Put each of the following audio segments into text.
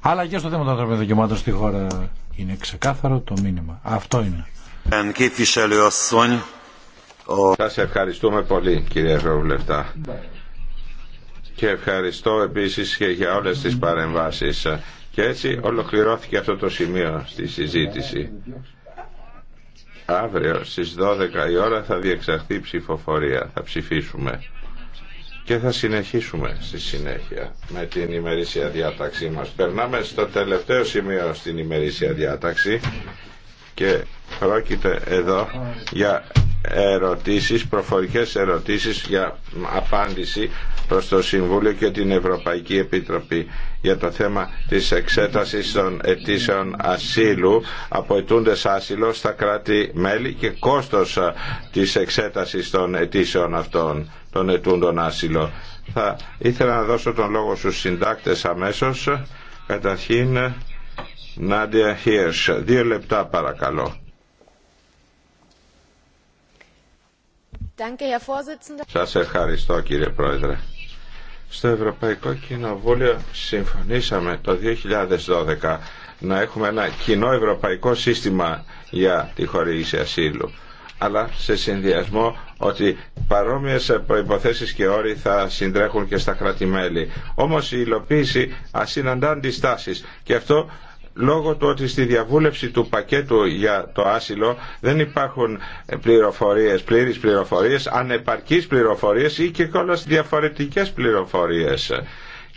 αλλά και στο θέμα των ανθρωπίνων δικαιωμάτων στη χώρα είναι ξεκάθαρο το μήνυμα. Αυτό είναι. Σα ευχαριστούμε πολύ κύριε Ευρωβουλευτά. Και ευχαριστώ επίση και για όλε τι παρεμβάσει Και έτσι ολοκληρώθηκε αυτό το σημείο στη συζήτηση. Αύριο στις 12 η ώρα θα διεξαχθεί ψηφοφορία. Θα ψηφίσουμε και θα συνεχίσουμε στη συνέχεια με την ημερήσια διάταξή μας. Περνάμε στο τελευταίο σημείο στην ημερήσια διάταξη και πρόκειται εδώ για ερωτήσεις, προφορικές ερωτήσεις για απάντηση προς το Συμβούλιο και την Ευρωπαϊκή Επιτροπή για το θέμα της εξέτασης των αιτήσεων ασύλου από ετούντες άσυλο στα κράτη-μέλη και κόστος της εξέτασης των αιτήσεων αυτών των ετούντων άσυλο. Θα ήθελα να δώσω τον λόγο στους συντάκτες αμέσως. Καταρχήν, Νάντια Χίερς. Δύο λεπτά παρακαλώ. Σας ευχαριστώ κύριε Πρόεδρε. Στο Ευρωπαϊκό Κοινοβούλιο συμφωνήσαμε το 2012 να έχουμε ένα κοινό ευρωπαϊκό σύστημα για τη χορήγηση ασύλου αλλά σε συνδυασμό ότι παρόμοιες προϋποθέσεις και όροι θα συντρέχουν και στα κράτη-μέλη. Όμως η υλοποίηση ασυναντά αντιστάσεις και αυτό λόγω του ότι στη διαβούλευση του πακέτου για το άσυλο δεν υπάρχουν πληροφορίες, πλήρεις πληροφορίες, ανεπαρκείς πληροφορίες ή και κιόλας διαφορετικές πληροφορίες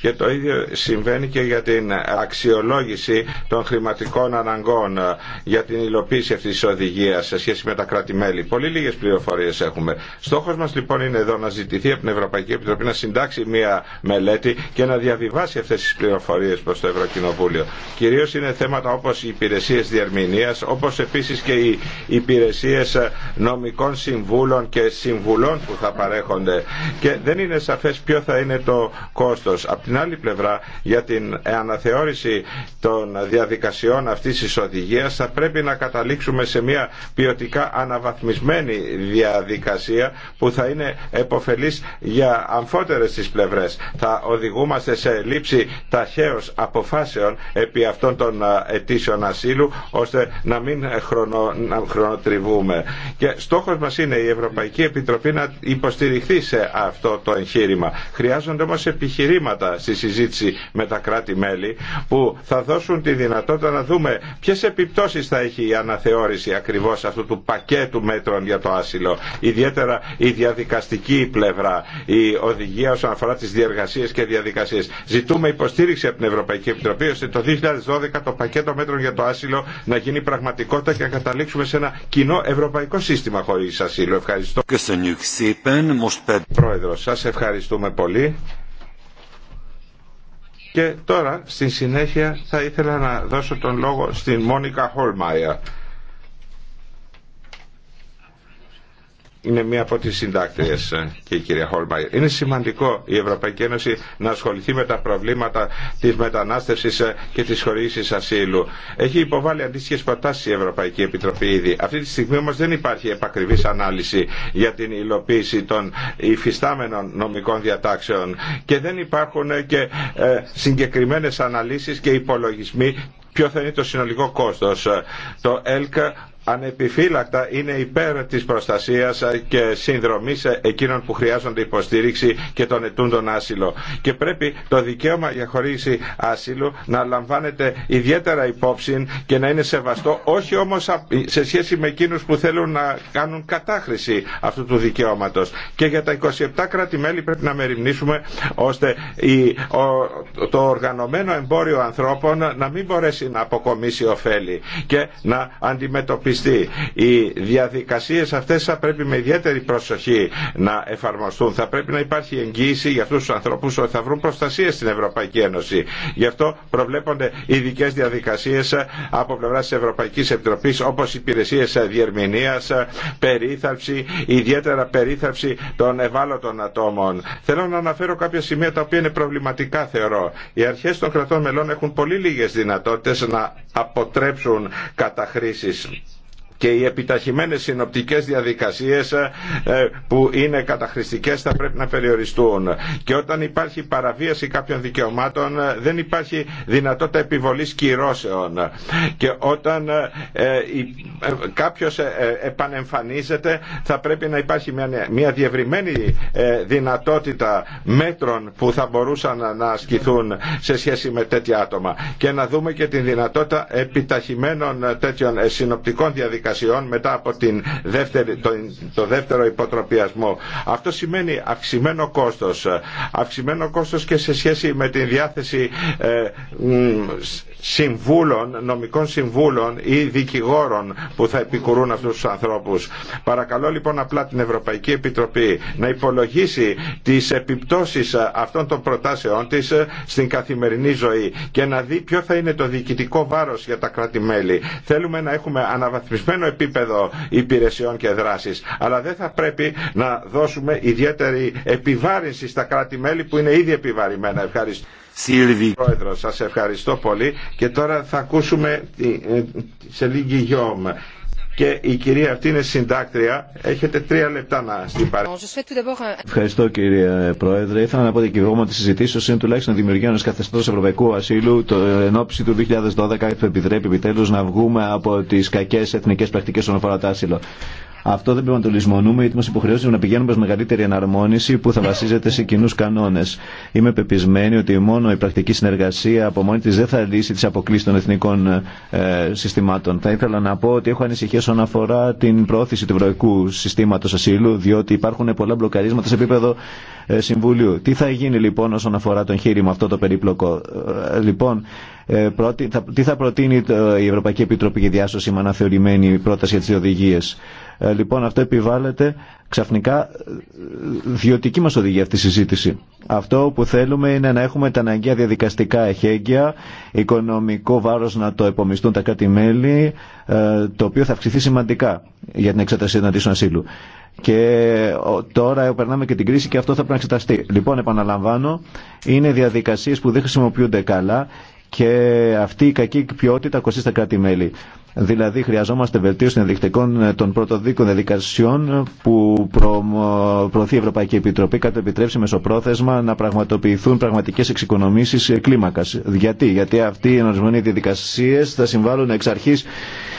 και το ίδιο συμβαίνει και για την αξιολόγηση των χρηματικών αναγκών ε, για την υλοποίηση αυτή τη οδηγία σε σχέση με τα κράτη-μέλη. Πολύ λίγε πληροφορίε έχουμε. Στόχο μα λοιπόν είναι εδώ να ζητηθεί από την Ευρωπαϊκή Επιτροπή να συντάξει μία μελέτη και να διαβιβάσει αυτέ τι πληροφορίε προ το Ευρωκοινοβούλιο. Κυρίως είναι θέματα όπω οι υπηρεσίε διαρμηνία, όπω επίση και οι υπηρεσίε ε, νομικών συμβούλων και συμβουλών που θα παρέχονται. Και δεν είναι σαφέ ποιο θα είναι το κόστο. Στην άλλη πλευρά για την αναθεώρηση των διαδικασιών αυτής της οδηγίας θα πρέπει να καταλήξουμε σε μια ποιοτικά αναβαθμισμένη διαδικασία που θα είναι εποφελής για αμφότερες τις πλευρές. Θα οδηγούμαστε σε λήψη ταχαίως αποφάσεων επί αυτών των ε, αιτήσεων ασύλου ώστε να μην χρονο, χρονοτριβούμε. Και στόχος μας είναι η Ευρωπαϊκή Επιτροπή να υποστηριχθεί σε αυτό το εγχείρημα. Χρειάζονται όμως επιχειρήματα στη συζήτηση με τα κράτη-μέλη που θα δώσουν τη δυνατότητα να δούμε ποιες επιπτώσεις θα έχει η αναθεώρηση ακριβώς αυτού του πακέτου μέτρων για το άσυλο. Ιδιαίτερα η διαδικαστική πλευρά, η οδηγία όσον αφορά τις διεργασίες και διαδικασίες. Ζητούμε υποστήριξη από την Ευρωπαϊκή Επιτροπή ώστε το 2012 το πακέτο μέτρων για το άσυλο να γίνει πραγματικότητα και να καταλήξουμε σε ένα κοινό ευρωπαϊκό σύστημα χωρί ασύλου. Ευχαριστώ. Πρόεδρος, σας ευχαριστούμε πολύ. Και τώρα, στη συνέχεια, θα ήθελα να δώσω τον λόγο στην Μόνικα Χολμάια. είναι μία από τις συντάκτριες ε, και η κυρία Χόλμαϊρ. Είναι σημαντικό η Ευρωπαϊκή Ένωση να ασχοληθεί με τα προβλήματα της μετανάστευσης ε, και της χορήγησης ασύλου. Έχει υποβάλει αντίστοιχε προτάσεις η Ευρωπαϊκή Επιτροπή ήδη. Αυτή τη στιγμή όμως δεν υπάρχει επακριβής ανάλυση για την υλοποίηση των υφιστάμενων νομικών διατάξεων και δεν υπάρχουν ε, και συγκεκριμένες αναλύσεις και υπολογισμοί ποιο θα είναι το συνολικό κόστος. Το ανεπιφύλακτα είναι υπέρ της προστασίας και συνδρομής εκείνων που χρειάζονται υποστήριξη και τον των τον άσυλο. Και πρέπει το δικαίωμα για χωρίση άσυλου να λαμβάνεται ιδιαίτερα υπόψη και να είναι σεβαστό, όχι όμως σε σχέση με εκείνους που θέλουν να κάνουν κατάχρηση αυτού του δικαιώματος. Και για τα 27 κράτη-μέλη πρέπει να μεριμνήσουμε ώστε το οργανωμένο εμπόριο ανθρώπων να μην μπορέσει να αποκομίσει ωφέλη και να αντιμετωπίσει οι διαδικασίες αυτές θα πρέπει με ιδιαίτερη προσοχή να εφαρμοστούν. Θα πρέπει να υπάρχει εγγύηση για αυτούς τους ανθρώπους ότι θα βρουν προστασία στην Ευρωπαϊκή Ένωση. Γι' αυτό προβλέπονται ειδικέ διαδικασίες από πλευρά της Ευρωπαϊκής Επιτροπής όπως υπηρεσίες διερμηνίας, περίθαλψη, ιδιαίτερα περίθαλψη των ευάλωτων ατόμων. Θέλω να αναφέρω κάποια σημεία τα οποία είναι προβληματικά θεωρώ. Οι αρχέ των κρατών μελών έχουν πολύ λίγε δυνατότητε να αποτρέψουν καταχρήσεις και οι επιταχυμένες συνοπτικές διαδικασίες ε, που είναι καταχρηστικές θα πρέπει να περιοριστούν. Και όταν υπάρχει παραβίαση κάποιων δικαιωμάτων ε, δεν υπάρχει δυνατότητα επιβολής κυρώσεων. Και όταν ε, κάποιος επανεμφανίζεται θα πρέπει να υπάρχει μια διευρυμένη δυνατότητα μέτρων που θα μπορούσαν να ασκηθούν σε σχέση με τέτοια άτομα. Και να δούμε και την δυνατότητα επιταχυμένων τέτοιων συνοπτικών διαδικασιών μετά από την το, δεύτερο υποτροπιασμό. Αυτό σημαίνει αυξημένο κόστος. Αυξημένο κόστος και σε σχέση με τη διάθεση ε, συμβούλων, νομικών συμβούλων ή δικηγόρων που θα επικουρούν αυτούς τους ανθρώπους. Παρακαλώ λοιπόν απλά την Ευρωπαϊκή Επιτροπή να υπολογίσει τις επιπτώσεις αυτών των προτάσεών της στην καθημερινή ζωή και να δει ποιο θα είναι το διοικητικό βάρος για τα κράτη-μέλη. Θέλουμε να έχουμε αναβαθμισμένο επίπεδο υπηρεσιών και δράσης, αλλά δεν θα πρέπει να δώσουμε ιδιαίτερη επιβάρυνση στα κράτη-μέλη που είναι ήδη επιβαρημένα. Ευχαριστώ. Σίλβη. Πρόεδρο, σας ευχαριστώ πολύ και τώρα θα ακούσουμε τη ε, λίγη γιόμ. Και η κυρία αυτή είναι συντάκτρια. Έχετε τρία λεπτά να στην παρέμβαση. Euh, ευχαριστώ κύριε Πρόεδρε. Ήθελα να πω ότι και εγώ τη συζητήσεω είναι τουλάχιστον δημιουργεί ενό καθεστώ ευρωπαϊκού ασύλου το ε, του 2012 που επιτρέπει επιτέλου να βγούμε από τι κακέ εθνικέ πρακτικέ όσον αφορά το άσυλο. Αυτό δεν πρέπει να το λησμονούμε, γιατί μα υποχρεώσει να πηγαίνουμε προ μεγαλύτερη εναρμόνιση που θα βασίζεται σε κοινού κανόνε. Είμαι πεπισμένη ότι μόνο η πρακτική συνεργασία από μόνη τη δεν θα λύσει τι αποκλήσει των εθνικών ε, συστημάτων. Θα ήθελα να πω ότι έχω ανησυχίε όσον αφορά την πρόθεση του ευρωπαϊκού συστήματο ασύλου, διότι υπάρχουν πολλά μπλοκαρίσματα σε επίπεδο ε, συμβουλίου. Τι θα γίνει λοιπόν όσον αφορά το εγχείρημα αυτό το περίπλοκο. Ε, λοιπόν, ε, τι θα προτείνει ε, η Ευρωπαϊκή Επιτροπή για διάσωση με αναθεωρημένη πρόταση για τις οδηγίες. Ε, λοιπόν, αυτό επιβάλλεται ξαφνικά διωτική μας οδηγία αυτή η συζήτηση. Αυτό που θέλουμε είναι να έχουμε τα αναγκαία διαδικαστικά εχέγγυα, οικονομικό βάρος να το επομιστούν τα κράτη-μέλη, το οποίο θα αυξηθεί σημαντικά για την εξέταση του ασύλου. Και τώρα περνάμε και την κρίση και αυτό θα πρέπει να εξεταστεί. Λοιπόν, επαναλαμβάνω, είναι διαδικασίες που δεν χρησιμοποιούνται καλά και αυτή η κακή ποιότητα κοστίζει στα κράτη-μέλη. Δηλαδή χρειαζόμαστε βελτίωση των ενδεικτικών ε, των πρωτοδίκων διαδικασιών που προωθεί η Ευρωπαϊκή Επιτροπή κατά επιτρέψει μεσοπρόθεσμα να πραγματοποιηθούν πραγματικές εξοικονομήσεις ε, κλίμακας. Γιατί, Γιατί αυτοί οι ενορισμένοι διαδικασίες θα συμβάλλουν εξ αρχής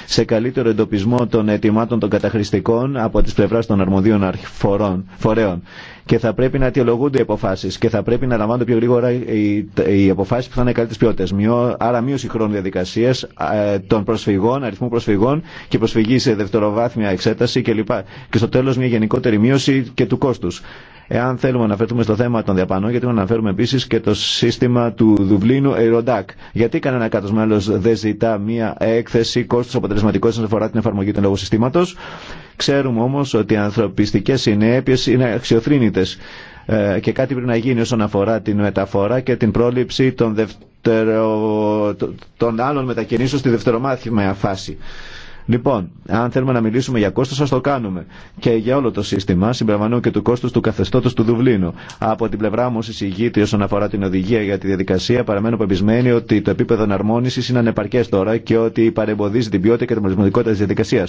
σε καλύτερο εντοπισμό των αιτημάτων των καταχρηστικών από τις πλευράς των αρμοδίων φορέων. Και θα πρέπει να αιτιολογούνται οι αποφάσει και θα πρέπει να λαμβάνονται πιο γρήγορα οι αποφάσει που θα είναι καλύτερε ποιότητε. Άρα μείωση χρόνου διαδικασία ε, των προσφυγών, αριθμού προσφυγών και προσφυγή σε δευτεροβάθμια εξέταση κλπ. Και στο τέλο, μια γενικότερη μείωση και του κόστου. Εάν θέλουμε να αναφερθούμε στο θέμα των διαπανών, γιατί να αναφέρουμε επίση και το σύστημα του Δουβλίνου Eurodac. Γιατί κανένα κάτω μέλο δεν ζητά μία έκθεση κόστου αποτελεσματικότητα όσον αφορά την εφαρμογή του λόγου συστήματο. Ξέρουμε όμω ότι οι ανθρωπιστικέ συνέπειε είναι αξιοθρύνητε ε, και κάτι πρέπει να γίνει όσον αφορά την μεταφορά και την πρόληψη δευτερο... των άλλων μετακινήσεων στη δευτερομάθημα φάση. Λοιπόν, αν θέλουμε να μιλήσουμε για κόστος, ας το κάνουμε. Και για όλο το σύστημα, συμπραγμανούν και του κόστου του καθεστώτος του Δουβλίνου. Από την πλευρά μου, συζητείται όσον αφορά την οδηγία για τη διαδικασία, παραμένω πεπισμένη ότι το επίπεδο εναρμόνιση είναι ανεπαρκέ τώρα και ότι παρεμποδίζει την ποιότητα και την αποτελεσματικότητα τη διαδικασία.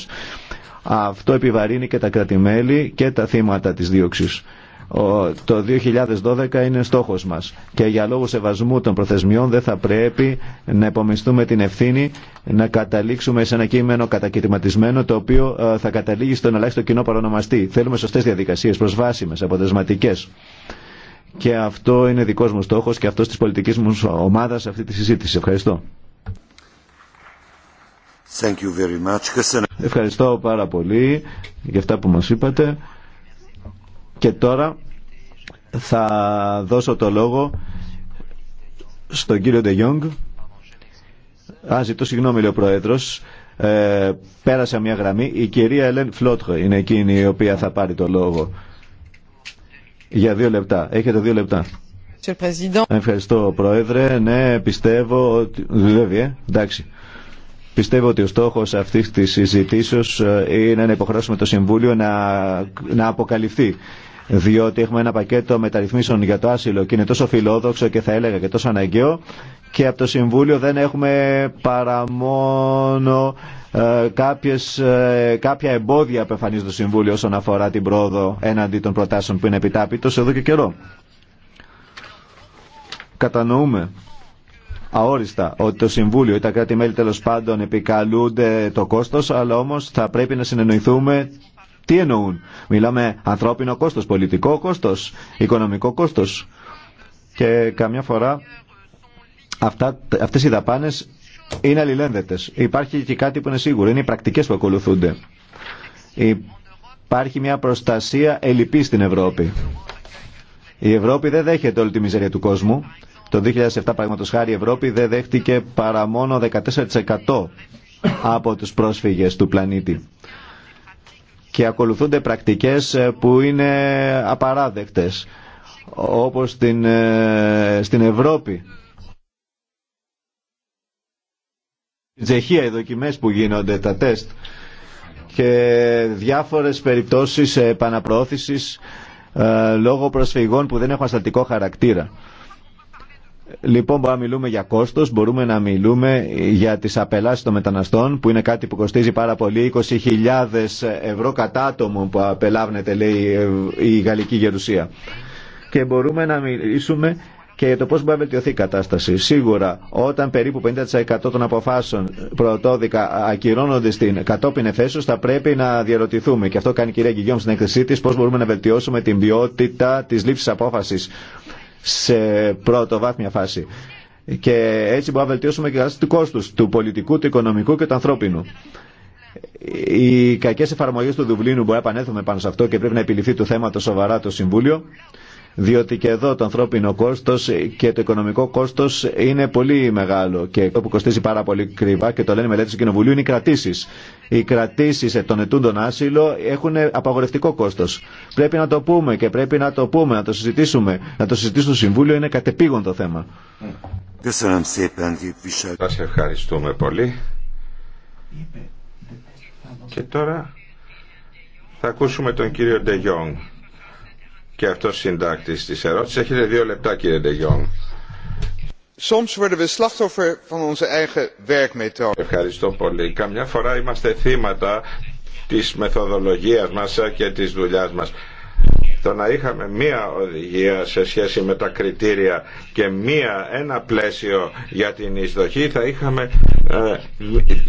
Αυτό επιβαρύνει και τα κράτη-μέλη και τα θύματα τη δίωξη το 2012 είναι στόχος μας και για λόγους σεβασμού των προθεσμιών δεν θα πρέπει να επομιστούμε την ευθύνη να καταλήξουμε σε ένα κείμενο κατακαιρματισμένο το οποίο ε, θα καταλήγει στον ελάχιστο κοινό παρονομαστή. Θέλουμε σωστές διαδικασίες, προσβάσιμες, αποτελεσματικές. Και αυτό είναι δικός μου στόχος και αυτός της πολιτικής μου ομάδας αυτή τη συζήτηση. Ευχαριστώ. Thank you very much. Ευχαριστώ πάρα πολύ για αυτά που μας είπατε. Και τώρα θα δώσω το λόγο στον κύριο Ντε Γιόγκ. Α, ζητώ συγγνώμη, λέει ο Πρόεδρο, Ε, πέρασα μια γραμμή. Η κυρία Ελέν Φλότχο είναι εκείνη η οποία θα πάρει το λόγο. Για δύο λεπτά. Έχετε δύο λεπτά. Ευχαριστώ, Πρόεδρε. Ναι, πιστεύω ότι... Δουλεύει, ε. Εντάξει. Πιστεύω ότι ο στόχο αυτή τη συζητήσεω ε, είναι να υποχρεώσουμε το Συμβούλιο να, να αποκαλυφθεί διότι έχουμε ένα πακέτο μεταρρυθμίσεων για το άσυλο και είναι τόσο φιλόδοξο και θα έλεγα και τόσο αναγκαίο και από το Συμβούλιο δεν έχουμε παρά μόνο ε, κάποιες, ε, κάποια εμπόδια που εμφανίζει το Συμβούλιο όσον αφορά την πρόοδο έναντι των προτάσεων που είναι επιτάπητος εδώ και καιρό. Κατανοούμε αόριστα ότι το Συμβούλιο ή τα κράτη-μέλη τέλο πάντων επικαλούνται το κόστος, αλλά όμως θα πρέπει να συνεννοηθούμε τι εννοούν. Μιλάμε ανθρώπινο κόστος, πολιτικό κόστος, οικονομικό κόστος. Και καμιά φορά αυτέ αυτές οι δαπάνες είναι αλληλένδετες. Υπάρχει και κάτι που είναι σίγουρο. Είναι οι πρακτικές που ακολουθούνται. Υπάρχει μια προστασία ελλειπή στην Ευρώπη. Η Ευρώπη δεν δέχεται όλη τη μιζέρια του κόσμου. Το 2007, παραδείγματος χάρη, η Ευρώπη δεν δέχτηκε παρά μόνο 14% από τους πρόσφυγες του πλανήτη και ακολουθούνται πρακτικές ε, που είναι απαράδεκτες όπως στην, ε, στην Ευρώπη. Στην οι δοκιμές που γίνονται, τα τεστ και διάφορες περιπτώσεις επαναπροώθησης ε, λόγω προσφυγών που δεν έχουν αστατικό χαρακτήρα. Λοιπόν, μπορούμε να μιλούμε για κόστο, μπορούμε να μιλούμε για τι απελάσει των μεταναστών, που είναι κάτι που κοστίζει πάρα πολύ. 20.000 ευρώ κατά άτομο που απελάβνεται, λέει η Γαλλική Γερουσία. Και μπορούμε να μιλήσουμε και για το πώ μπορεί να βελτιωθεί η κατάσταση. Σίγουρα, όταν περίπου 50% των αποφάσεων πρωτόδικα ακυρώνονται στην κατόπιν εφέσεω, θα πρέπει να διαρωτηθούμε. Και αυτό κάνει η κυρία Γκυγιόμ στην έκθεσή τη, πώ μπορούμε να βελτιώσουμε την ποιότητα τη λήψη απόφαση σε βάθμια φάση. Και έτσι μπορούμε να βελτιώσουμε και κατάσταση του κόστου, του πολιτικού, του οικονομικού και του ανθρώπινου. Οι κακέ εφαρμογέ του Δουβλίνου μπορεί να επανέλθουμε πάνω σε αυτό και πρέπει να επιληφθεί το θέμα το σοβαρά το Συμβούλιο διότι και εδώ το ανθρώπινο κόστος και το οικονομικό κόστος είναι πολύ μεγάλο και το που κοστίζει πάρα πολύ κρυβά και το λένε μελέτες του Κοινοβουλίου είναι οι κρατήσεις. Οι κρατήσεις των ετούντων άσυλο έχουν απαγορευτικό κόστος. Πρέπει να το πούμε και πρέπει να το πούμε, να το συζητήσουμε, να το συζητήσουμε στο Συμβούλιο, είναι κατεπήγον το θέμα. Σας ευχαριστούμε πολύ. Και τώρα θα ακούσουμε τον κύριο Ντεγιόνγκ και αυτό συντάκτη τη ερώτηση. Έχετε δύο λεπτά, κύριε Ντεγιόν. Ευχαριστώ πολύ. Καμιά φορά είμαστε θύματα τη μεθοδολογία μα και τη δουλειά μα. Το να είχαμε μία οδηγία σε σχέση με τα κριτήρια και μία, ένα πλαίσιο για την εισδοχή θα είχαμε ε,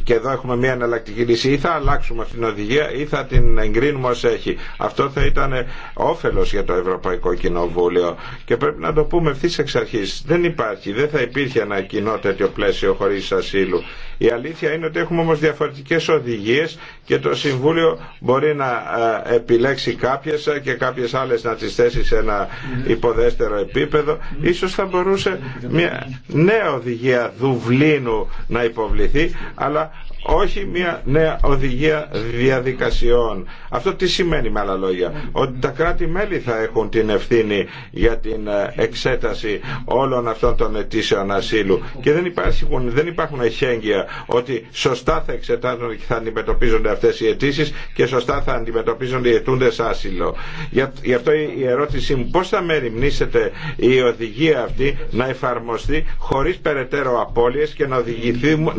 και εδώ έχουμε μία εναλλακτική λύση ή θα αλλάξουμε αυτήν την οδηγία ή θα την εγκρίνουμε ως έχει. Αυτό θα ήταν όφελος για το Ευρωπαϊκό Κοινοβούλιο και πρέπει να το πούμε ευθύ εξ αρχής. Δεν υπάρχει, δεν θα υπήρχε ένα κοινό τέτοιο πλαίσιο χωρίς ασύλου. Η αλήθεια είναι ότι έχουμε όμως διαφορετικές οδηγίες και το Συμβούλιο μπορεί να ε, επιλέξει κάποιες ε, και κάποιες άλλες να τις θέσει σε ένα υποδέστερο επίπεδο. Ίσως θα μπορούσε μια νέα οδηγία Δουβλίνου να υποβληθεί, αλλά όχι μια νέα οδηγία διαδικασιών. Αυτό τι σημαίνει με άλλα λόγια. Ότι τα κράτη-μέλη θα έχουν την ευθύνη για την ε, εξέταση όλων αυτών των αιτήσεων ασύλου και δεν υπάρχουν, δεν υπάρχουν εχέγγυα ότι σωστά θα εξετάζουν και θα αντιμετωπίζονται αυτές οι αιτήσει και σωστά θα αντιμετωπίζονται οι αιτούντε άσυλο. Γι' αυτό η ερώτησή μου πώς θα μεριμνήσετε η οδηγία αυτή να εφαρμοστεί χωρίς περαιτέρω απώλειες και να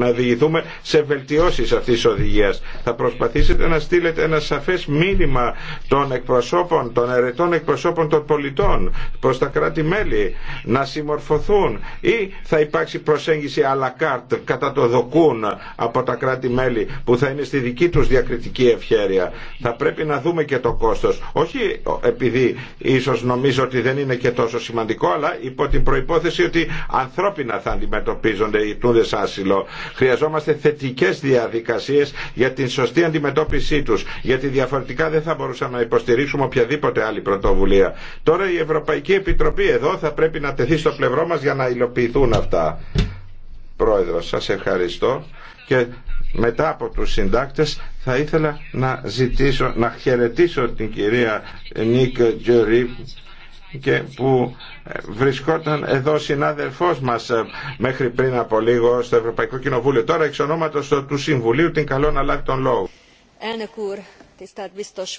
οδηγηθούμε σε αυτής της οδηγίας. Θα προσπαθήσετε να στείλετε ένα σαφές μήνυμα των εκπροσώπων, των ερετών εκπροσώπων των πολιτών προς τα κράτη-μέλη να συμμορφωθούν ή θα υπάρξει προσέγγιση à la carte κατά το δοκούν από τα κράτη-μέλη που θα είναι στη δική τους διακριτική ευχέρεια. Θα πρέπει να δούμε και το κόστος. Όχι επειδή ίσως νομίζω ότι δεν είναι και τόσο σημαντικό, αλλά υπό την προϋπόθεση ότι ανθρώπινα θα αντιμετωπίζονται οι τούδες άσυλο. Χρειαζόμαστε θετικέ διαδικασίες για την σωστή αντιμετώπιση τους, γιατί διαφορετικά δεν θα μπορούσαμε να υποστηρίξουμε οποιαδήποτε άλλη πρωτοβουλία. Τώρα η Ευρωπαϊκή Επιτροπή εδώ θα πρέπει να τεθεί στο πλευρό μας για να υλοποιηθούν αυτά. Πρόεδρος, σας ευχαριστώ και μετά από τους συντάκτες θα ήθελα να ζητήσω, να χαιρετήσω την κυρία Νίκ και που ε, βρισκόταν εδώ ο συνάδελφός μας ε, μέχρι πριν από λίγο στο Ευρωπαϊκό Κοινοβούλιο. Τώρα εξ ονόματος του Συμβουλίου την καλό να λάβει τον λόγο.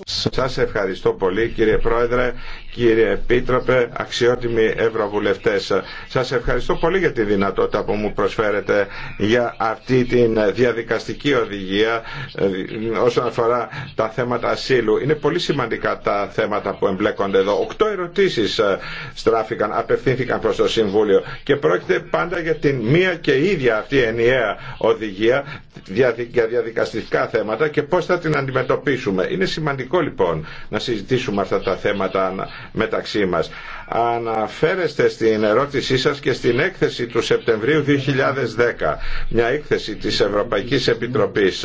Σας ευχαριστώ πολύ κύριε Πρόεδρε, κύριε Επίτροπε, αξιότιμοι Ευρωβουλευτές. Σας ευχαριστώ πολύ για τη δυνατότητα που μου προσφέρετε για αυτή τη διαδικαστική οδηγία ε, όσον αφορά τα θέματα ασύλου. Είναι πολύ σημαντικά τα θέματα που εμπλέκονται εδώ. Οκτώ ερωτήσεις ε, στράφηκαν, απευθύνθηκαν προς το Συμβούλιο και πρόκειται πάντα για την μία και ίδια αυτή ενιαία οδηγία για διαδικαστικά θέματα και πώς θα την αντιμετωπίσουμε είναι σημαντικό λοιπόν να συζητήσουμε αυτά τα θέματα μεταξύ μας. Αναφέρεστε στην ερώτησή σας και στην έκθεση του Σεπτεμβρίου 2010, μια έκθεση της Ευρωπαϊκής Επιτροπής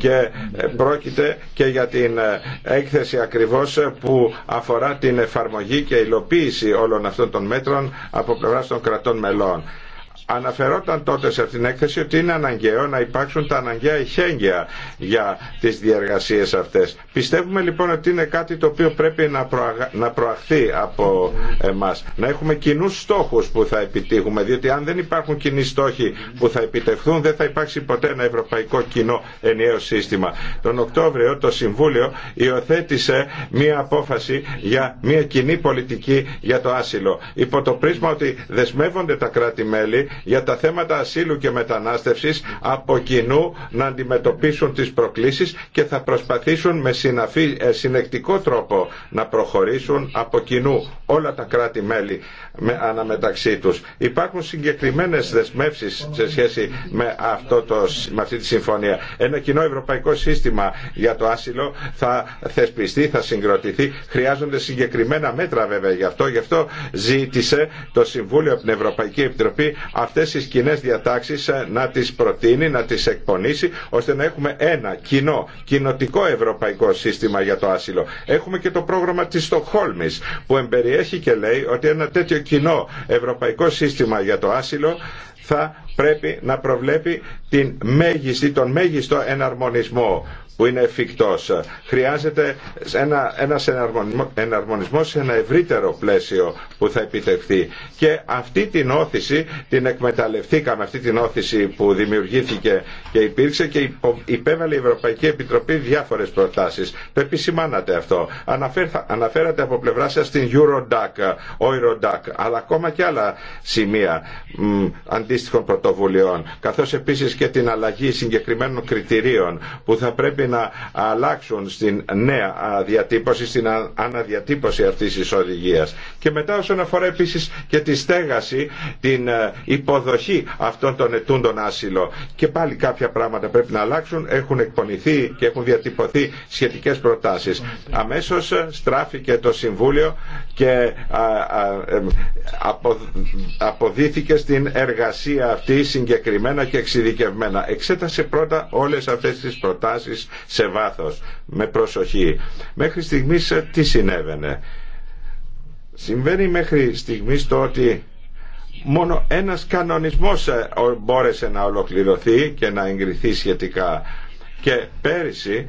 και ε, πρόκειται και για την ε, έκθεση ακριβώς ε, που αφορά την εφαρμογή και υλοποίηση όλων αυτών των μέτρων από πλευρά των κρατών μελών. Αναφερόταν τότε σε αυτήν την έκθεση ότι είναι αναγκαίο να υπάρξουν τα αναγκαία ηχέγγυα για τις διεργασίε αυτές. Πιστεύουμε λοιπόν ότι είναι κάτι το οποίο πρέπει να, να προαχθεί από εμάς. Να έχουμε κοινού στόχους που θα επιτύχουμε, διότι αν δεν υπάρχουν κοινοί στόχοι που θα επιτευχθούν δεν θα υπάρξει ποτέ ένα ευρωπαϊκό κοινό ενιαίο σύστημα. Τον Οκτώβριο το Συμβούλιο υιοθέτησε μία απόφαση για μία κοινή πολιτική για το άσυλο. Υπό το πρίσμα ότι δεσμεύονται τα κράτη-μέλη για τα θέματα ασύλου και μετανάστευσης από κοινού να αντιμετωπίσουν τις προκλήσεις και θα προσπαθήσουν με συναφή, ε, συνεκτικό τρόπο να προχωρήσουν από κοινού όλα τα κράτη-μέλη με, αναμεταξύ τους. Υπάρχουν συγκεκριμένες δεσμεύσεις σε σχέση με, αυτό το, με αυτή τη συμφωνία. Ένα κοινό ευρωπαϊκό σύστημα για το άσυλο θα θεσπιστεί, θα συγκροτηθεί. Χρειάζονται συγκεκριμένα μέτρα βέβαια γι' αυτό. Γι' αυτό ζήτησε το Συμβούλιο από την Ευρωπαϊκή Επιτροπή αυτές τις κοινέ διατάξεις ε, να τις προτείνει, να τις εκπονήσει, ώστε να έχουμε ένα κοινό, κοινοτικό ευρωπαϊκό σύστημα για το άσυλο. Έχουμε και το πρόγραμμα της Στοχόλμης που εμπεριέχει και λέει ότι ένα τέτοιο κοινό ευρωπαϊκό σύστημα για το άσυλο θα πρέπει να προβλέπει την μέγιστη, τον μέγιστο εναρμονισμό που είναι εφικτός. Χρειάζεται ένα, ένας εναρμονισμός σε ένα ευρύτερο πλαίσιο που θα επιτευχθεί. Και αυτή την όθηση την εκμεταλλευτήκαμε, αυτή την όθηση που δημιουργήθηκε και υπήρξε και υπέβαλε η Ευρωπαϊκή Επιτροπή διάφορες προτάσεις. Το επισημάνατε αυτό. Αναφέρατε από πλευρά σας την Eurodac, Eurodac, αλλά ακόμα και άλλα σημεία αντίστοιχων πρωτοβουλειών, καθώς επίσης και την αλλαγή συγκεκριμένων κριτηρίων που θα πρέπει να αλλάξουν στην νέα διατύπωση, στην αναδιατύπωση αυτής της οδηγίας. Και μετά όσον αφορά επίσης και τη στέγαση, την ε, υποδοχή αυτών των ετούντων άσυλο. Και πάλι κάποια πράγματα πρέπει να αλλάξουν, έχουν εκπονηθεί και έχουν διατυπωθεί σχετικές προτάσεις. Αμέσως ε, στράφηκε το Συμβούλιο και αποδίθηκε στην εργασία αυτή συγκεκριμένα και εξειδικευμένα. Εξέτασε πρώτα όλες αυτές τις προτάσεις σε βάθος, με προσοχή. Μέχρι στιγμής ε, τι συνέβαινε. Συμβαίνει μέχρι στιγμής το ότι μόνο ένας κανονισμός ε, μπόρεσε να ολοκληρωθεί και να εγκριθεί σχετικά. Και πέρυσι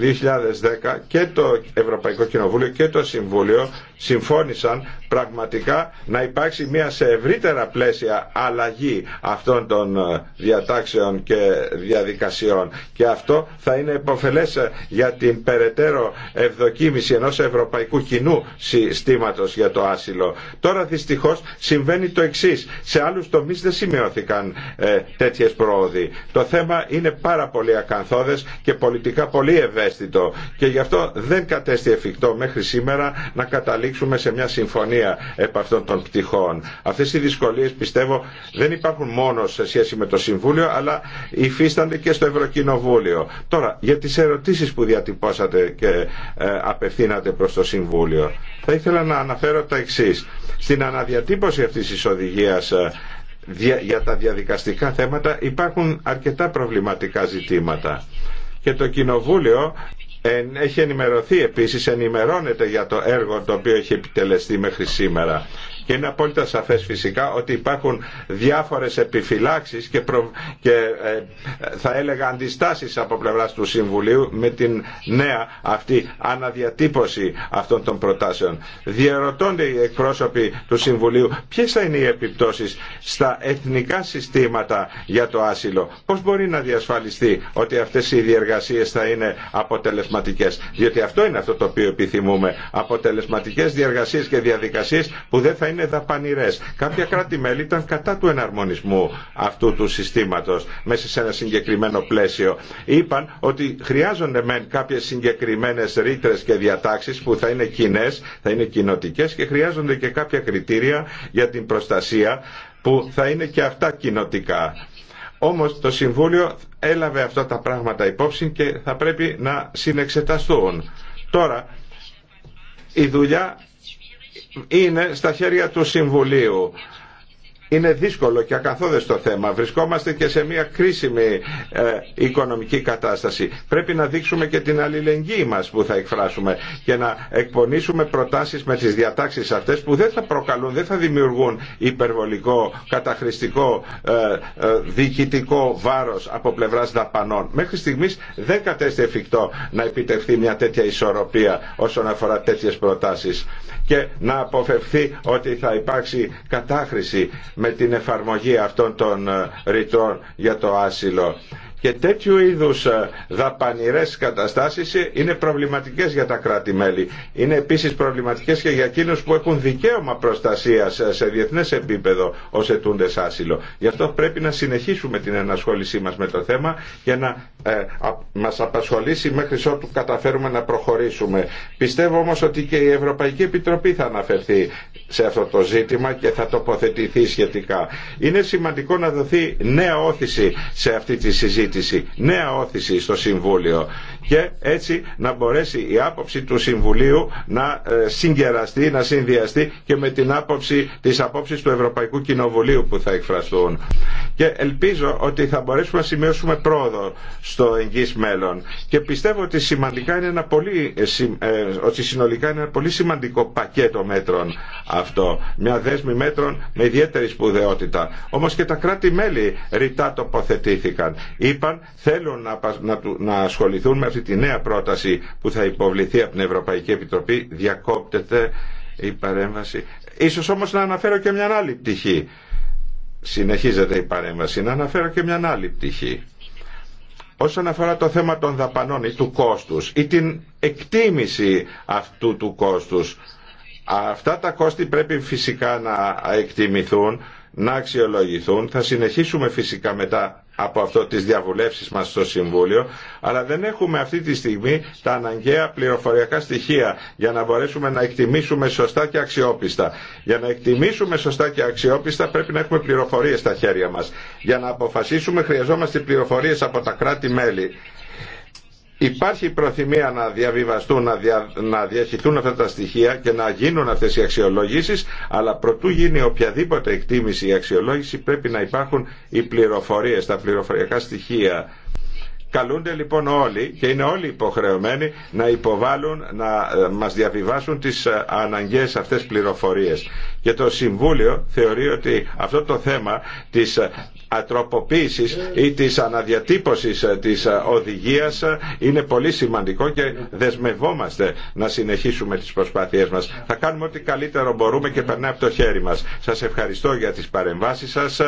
2010 και το Ευρωπαϊκό Κοινοβούλιο και το Συμβούλιο συμφώνησαν πραγματικά να υπάρξει μια σε ευρύτερα πλαίσια αλλαγή αυτών των ε, διατάξεων και διαδικασιών και αυτό θα είναι υποφελές για την περαιτέρω ευδοκίμηση ενός ευρωπαϊκού κοινού συστήματος για το άσυλο. Τώρα δυστυχώς συμβαίνει το εξή Σε άλλους τομείς δεν σημειώθηκαν ε, τέτοιες πρόοδοι. Το θέμα είναι πάρα πολύ ακαθόδες και πολιτικά πολύ ευαίσθητο ευαίσθητο και γι' αυτό δεν κατέστη εφικτό μέχρι σήμερα να καταλήξουμε σε μια συμφωνία επ' αυτών των πτυχών. Αυτές οι δυσκολίες πιστεύω δεν υπάρχουν μόνο σε σχέση με το Συμβούλιο αλλά υφίστανται και στο Ευρωκοινοβούλιο. Τώρα για τις ερωτήσεις που διατυπώσατε και ε, απευθύνατε προς το Συμβούλιο θα ήθελα να αναφέρω τα εξή: Στην αναδιατύπωση αυτής της οδηγίας ε, για τα διαδικαστικά θέματα υπάρχουν αρκετά προβληματικά ζητήματα και το Κοινοβούλιο έχει ενημερωθεί επίσης, ενημερώνεται για το έργο το οποίο έχει επιτελεστεί μέχρι σήμερα. Και είναι απόλυτα σαφέ φυσικά ότι υπάρχουν διάφορε επιφυλάξει και, και ε, θα έλεγα αντιστάσει από πλευρά του Συμβουλίου με την νέα αυτή αναδιατύπωση αυτών των προτάσεων. Διερωτώνται οι εκπρόσωποι του Συμβουλίου ποιε θα είναι οι επιπτώσει στα εθνικά συστήματα για το άσυλο. Πώ μπορεί να διασφαλιστεί ότι αυτέ οι διεργασίε θα είναι αποτελεσματικέ. Διότι αυτό είναι αυτό το οποίο επιθυμούμε. Αποτελεσματικές διεργασίε και διαδικασίε που δεν είναι δαπανηρές. Κάποια κράτη-μέλη ήταν κατά του εναρμονισμού αυτού του συστήματος μέσα σε ένα συγκεκριμένο πλαίσιο. Είπαν ότι χρειάζονται μεν κάποιε συγκεκριμένε ρήτρε και διατάξεις που θα είναι κοινέ, θα είναι κοινοτικέ και χρειάζονται και κάποια κριτήρια για την προστασία που θα είναι και αυτά κοινοτικά. Όμως το Συμβούλιο έλαβε αυτά τα πράγματα υπόψη και θα πρέπει να συνεξεταστούν. Τώρα η δουλειά είναι στα χέρια του Συμβουλίου. Είναι δύσκολο και ακαθόδες το θέμα. Βρισκόμαστε και σε μια κρίσιμη ε, οικονομική κατάσταση. Πρέπει να δείξουμε και την αλληλεγγύη μας που θα εκφράσουμε και να εκπονήσουμε προτάσεις με τις διατάξεις αυτές που δεν θα προκαλούν, δεν θα δημιουργούν υπερβολικό, καταχρηστικό, ε, ε, διοικητικό βάρος από πλευράς δαπανών. Μέχρι στιγμής δεν κατέστη εφικτό να επιτευχθεί μια τέτοια ισορροπία όσον αφορά τέτοιες προτάσεις και να αποφευθεί ότι θα υπάρξει κατάχρηση με την εφαρμογή αυτών των ε, ρητρών για το άσυλο. Και τέτοιου είδους ε, δαπανηρές καταστάσεις είναι προβληματικές για τα κράτη-μέλη. Είναι επίσης προβληματικές και για εκείνους που έχουν δικαίωμα προστασίας ε, σε διεθνές επίπεδο ως ετούντες άσυλο. Γι' αυτό πρέπει να συνεχίσουμε την ενασχόλησή μας με το θέμα και να ε, μας απασχολήσει μέχρι ότου καταφέρουμε να προχωρήσουμε. Πιστεύω όμως ότι και η Ευρωπαϊκή Επιτροπή θα αναφερθεί σε αυτό το ζήτημα και θα τοποθετηθεί σχετικά. Είναι σημαντικό να δοθεί νέα όθηση σε αυτή τη συζήτηση νέα όθηση στο Συμβούλιο και έτσι να μπορέσει η άποψη του Συμβουλίου να ε, συγκεραστεί, να συνδυαστεί και με την άποψη της απόψης του Ευρωπαϊκού Κοινοβουλίου που θα εκφραστούν. Και ελπίζω ότι θα μπορέσουμε να σημειώσουμε πρόοδο στο εγγύς μέλλον. Και πιστεύω ότι, σημαντικά είναι ένα πολύ, ε, ε, ότι συνολικά είναι ένα πολύ σημαντικό πακέτο μέτρων αυτό. Μια δέσμη μέτρων με ιδιαίτερη σπουδαιότητα. Όμως και τα κράτη-μέλη ρητά τοποθετήθηκαν. Είπαν θέλουν να, να, να ασχοληθούν ότι τη νέα πρόταση που θα υποβληθεί από την Ευρωπαϊκή Επιτροπή διακόπτεται η παρέμβαση. Ίσως όμως να αναφέρω και μια άλλη πτυχή. Συνεχίζεται η παρέμβαση. Να αναφέρω και μια άλλη πτυχή. Όσον αφορά το θέμα των δαπανών ή του κόστους ή την εκτίμηση αυτού του κόστους, αυτά τα κόστη πρέπει φυσικά να εκτιμηθούν να αξιολογηθούν. Θα συνεχίσουμε φυσικά μετά από αυτό τις διαβουλεύσεις μας στο Συμβούλιο, αλλά δεν έχουμε αυτή τη στιγμή τα αναγκαία πληροφοριακά στοιχεία για να μπορέσουμε να εκτιμήσουμε σωστά και αξιόπιστα. Για να εκτιμήσουμε σωστά και αξιόπιστα πρέπει να έχουμε πληροφορίες στα χέρια μας. Για να αποφασίσουμε χρειαζόμαστε πληροφορίες από τα κράτη-μέλη. Υπάρχει προθυμία να διαβιβαστούν, να, δια, να διαχειριστούν αυτά τα στοιχεία και να γίνουν αυτές οι αξιολογήσεις, αλλά προτού γίνει οποιαδήποτε εκτίμηση ή αξιολόγηση πρέπει να υπάρχουν οι πληροφορίες, τα πληροφοριακά στοιχεία Καλούνται λοιπόν όλοι και είναι όλοι υποχρεωμένοι να υποβάλουν, να ε, μας διαβιβάσουν τις ε, αναγκαίες αυτές πληροφορίες. Και το Συμβούλιο θεωρεί ότι αυτό το θέμα της ε, ατροποποίησης ή της αναδιατύπωσης της οδηγίας είναι πολύ σημαντικό και δεσμευόμαστε να συνεχίσουμε τις προσπάθειές μας. Θα κάνουμε ό,τι καλύτερο μπορούμε και περνάει από το χέρι μας. Σας ευχαριστώ για τις παρεμβάσεις σας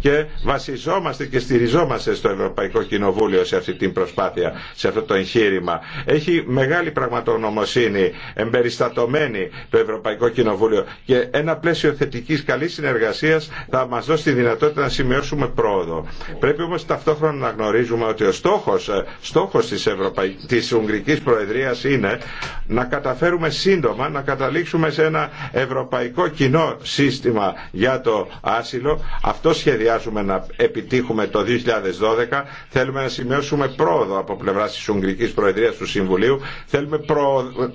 και βασιζόμαστε και στηριζόμαστε στο Ευρωπαϊκό Κοινοβούλιο σε αυτή την προσπάθεια, σε αυτό το εγχείρημα. Έχει μεγάλη πραγματογνωμοσύνη, εμπεριστατωμένη το Ευρωπαϊκό Κοινοβούλιο και ένα πλαίσιο θετική καλή συνεργασία θα μα δώσει τη δυνατότητα να σημειώσουμε πρόοδο. Πρέπει όμω ταυτόχρονα να γνωρίζουμε ότι ο στόχο ε, στόχος της, Ευρωπαϊ... της Ουγγρικής Προεδρίας είναι να καταφέρουμε σύντομα να καταλήξουμε σε ένα ευρωπαϊκό κοινό σύστημα για το άσυλο. Αυτό σχεδιάζουμε να επιτύχουμε το 2012. Θέλουμε να σημειώσουμε Θέλουμε πρόοδο από πλευρά τη Ουγγρική Προεδρία του Συμβουλίου. Θέλουμε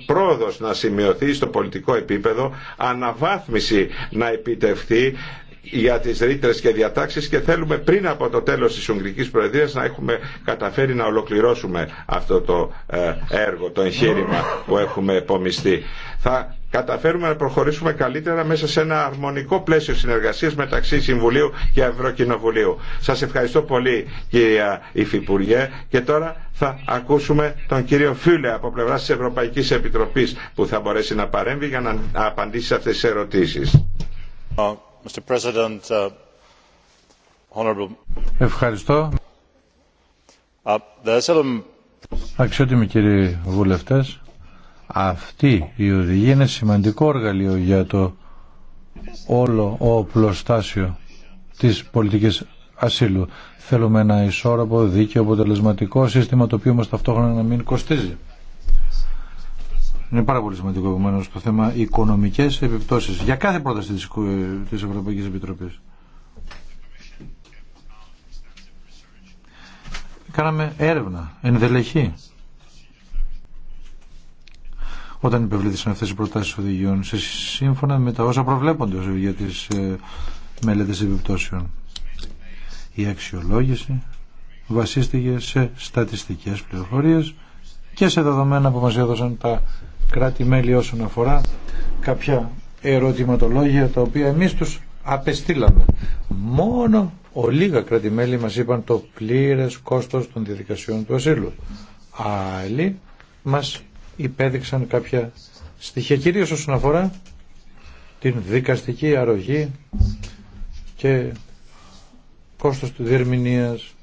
πρόοδο να σημειωθεί στο πολιτικό επίπεδο, αναβάθμιση να επιτευχθεί για τις ρήτρες και διατάξεις και θέλουμε πριν από το τέλος της Ουγγρικής Προεδρίας να έχουμε καταφέρει να ολοκληρώσουμε αυτό το ε, έργο, το εγχείρημα που έχουμε επομιστεί. Θα καταφέρουμε να προχωρήσουμε καλύτερα μέσα σε ένα αρμονικό πλαίσιο συνεργασίας μεταξύ Συμβουλίου και Ευρωκοινοβουλίου. Σας ευχαριστώ πολύ κυρία Υφυπουργέ και τώρα θα ακούσουμε τον κύριο Φίλε από πλευρά της Ευρωπαϊκής Επιτροπής που θα μπορέσει να παρέμβει για να απαντήσει σε αυτές τις ερωτήσεις. Uh, uh, ευχαριστώ. Uh, Αξιότιμοι κύριοι βουλευτές, αυτή η οδηγία είναι σημαντικό εργαλείο για το όλο οπλοστάσιο της πολιτικής ασύλου. Θέλουμε ένα ισόρροπο, δίκαιο, αποτελεσματικό σύστημα το οποίο μας ταυτόχρονα να μην κοστίζει. Είναι πάρα πολύ σημαντικό επομένω το θέμα οικονομικές επιπτώσεις για κάθε πρόταση της Ευρωπαϊκής Επιτροπής. Κάναμε έρευνα, ενδελεχή όταν υπευλήθησαν αυτέ οι προτάσεις οδηγιών σε σύμφωνα με τα όσα προβλέπονται για τι ε, μελέτες επιπτώσεων. Η αξιολόγηση βασίστηκε σε στατιστικές πληροφορίες και σε δεδομένα που μας έδωσαν τα κράτη-μέλη όσον αφορά κάποια ερωτηματολόγια τα οποία εμείς τους απεστήλαμε. Μόνο ο λίγα κράτη-μέλη μας είπαν το πλήρες κόστος των διαδικασιών του ασύλου. Άλλοι μας υπέδειξαν κάποια στοιχεία, κυρίως όσον αφορά την δικαστική αρρωγή και κόστος του διερμηνίας.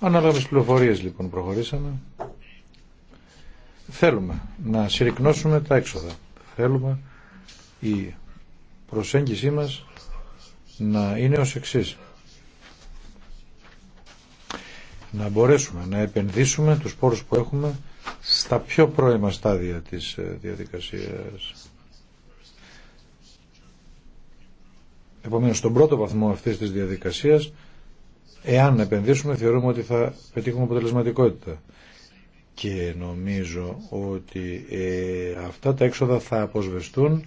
Ανάλογα με τις πληροφορίες λοιπόν προχωρήσαμε. Θέλουμε να συρρυκνώσουμε τα έξοδα. Θέλουμε η προσέγγιση μας να είναι ως εξής. Να μπορέσουμε να επενδύσουμε τους πόρους που έχουμε στα πιο πρώιμα στάδια της ε, διαδικασίας. Επομένως, στον πρώτο βαθμό αυτής της διαδικασίας, εάν επενδύσουμε, θεωρούμε ότι θα πετύχουμε αποτελεσματικότητα. Και νομίζω ότι ε, αυτά τα έξοδα θα αποσβεστούν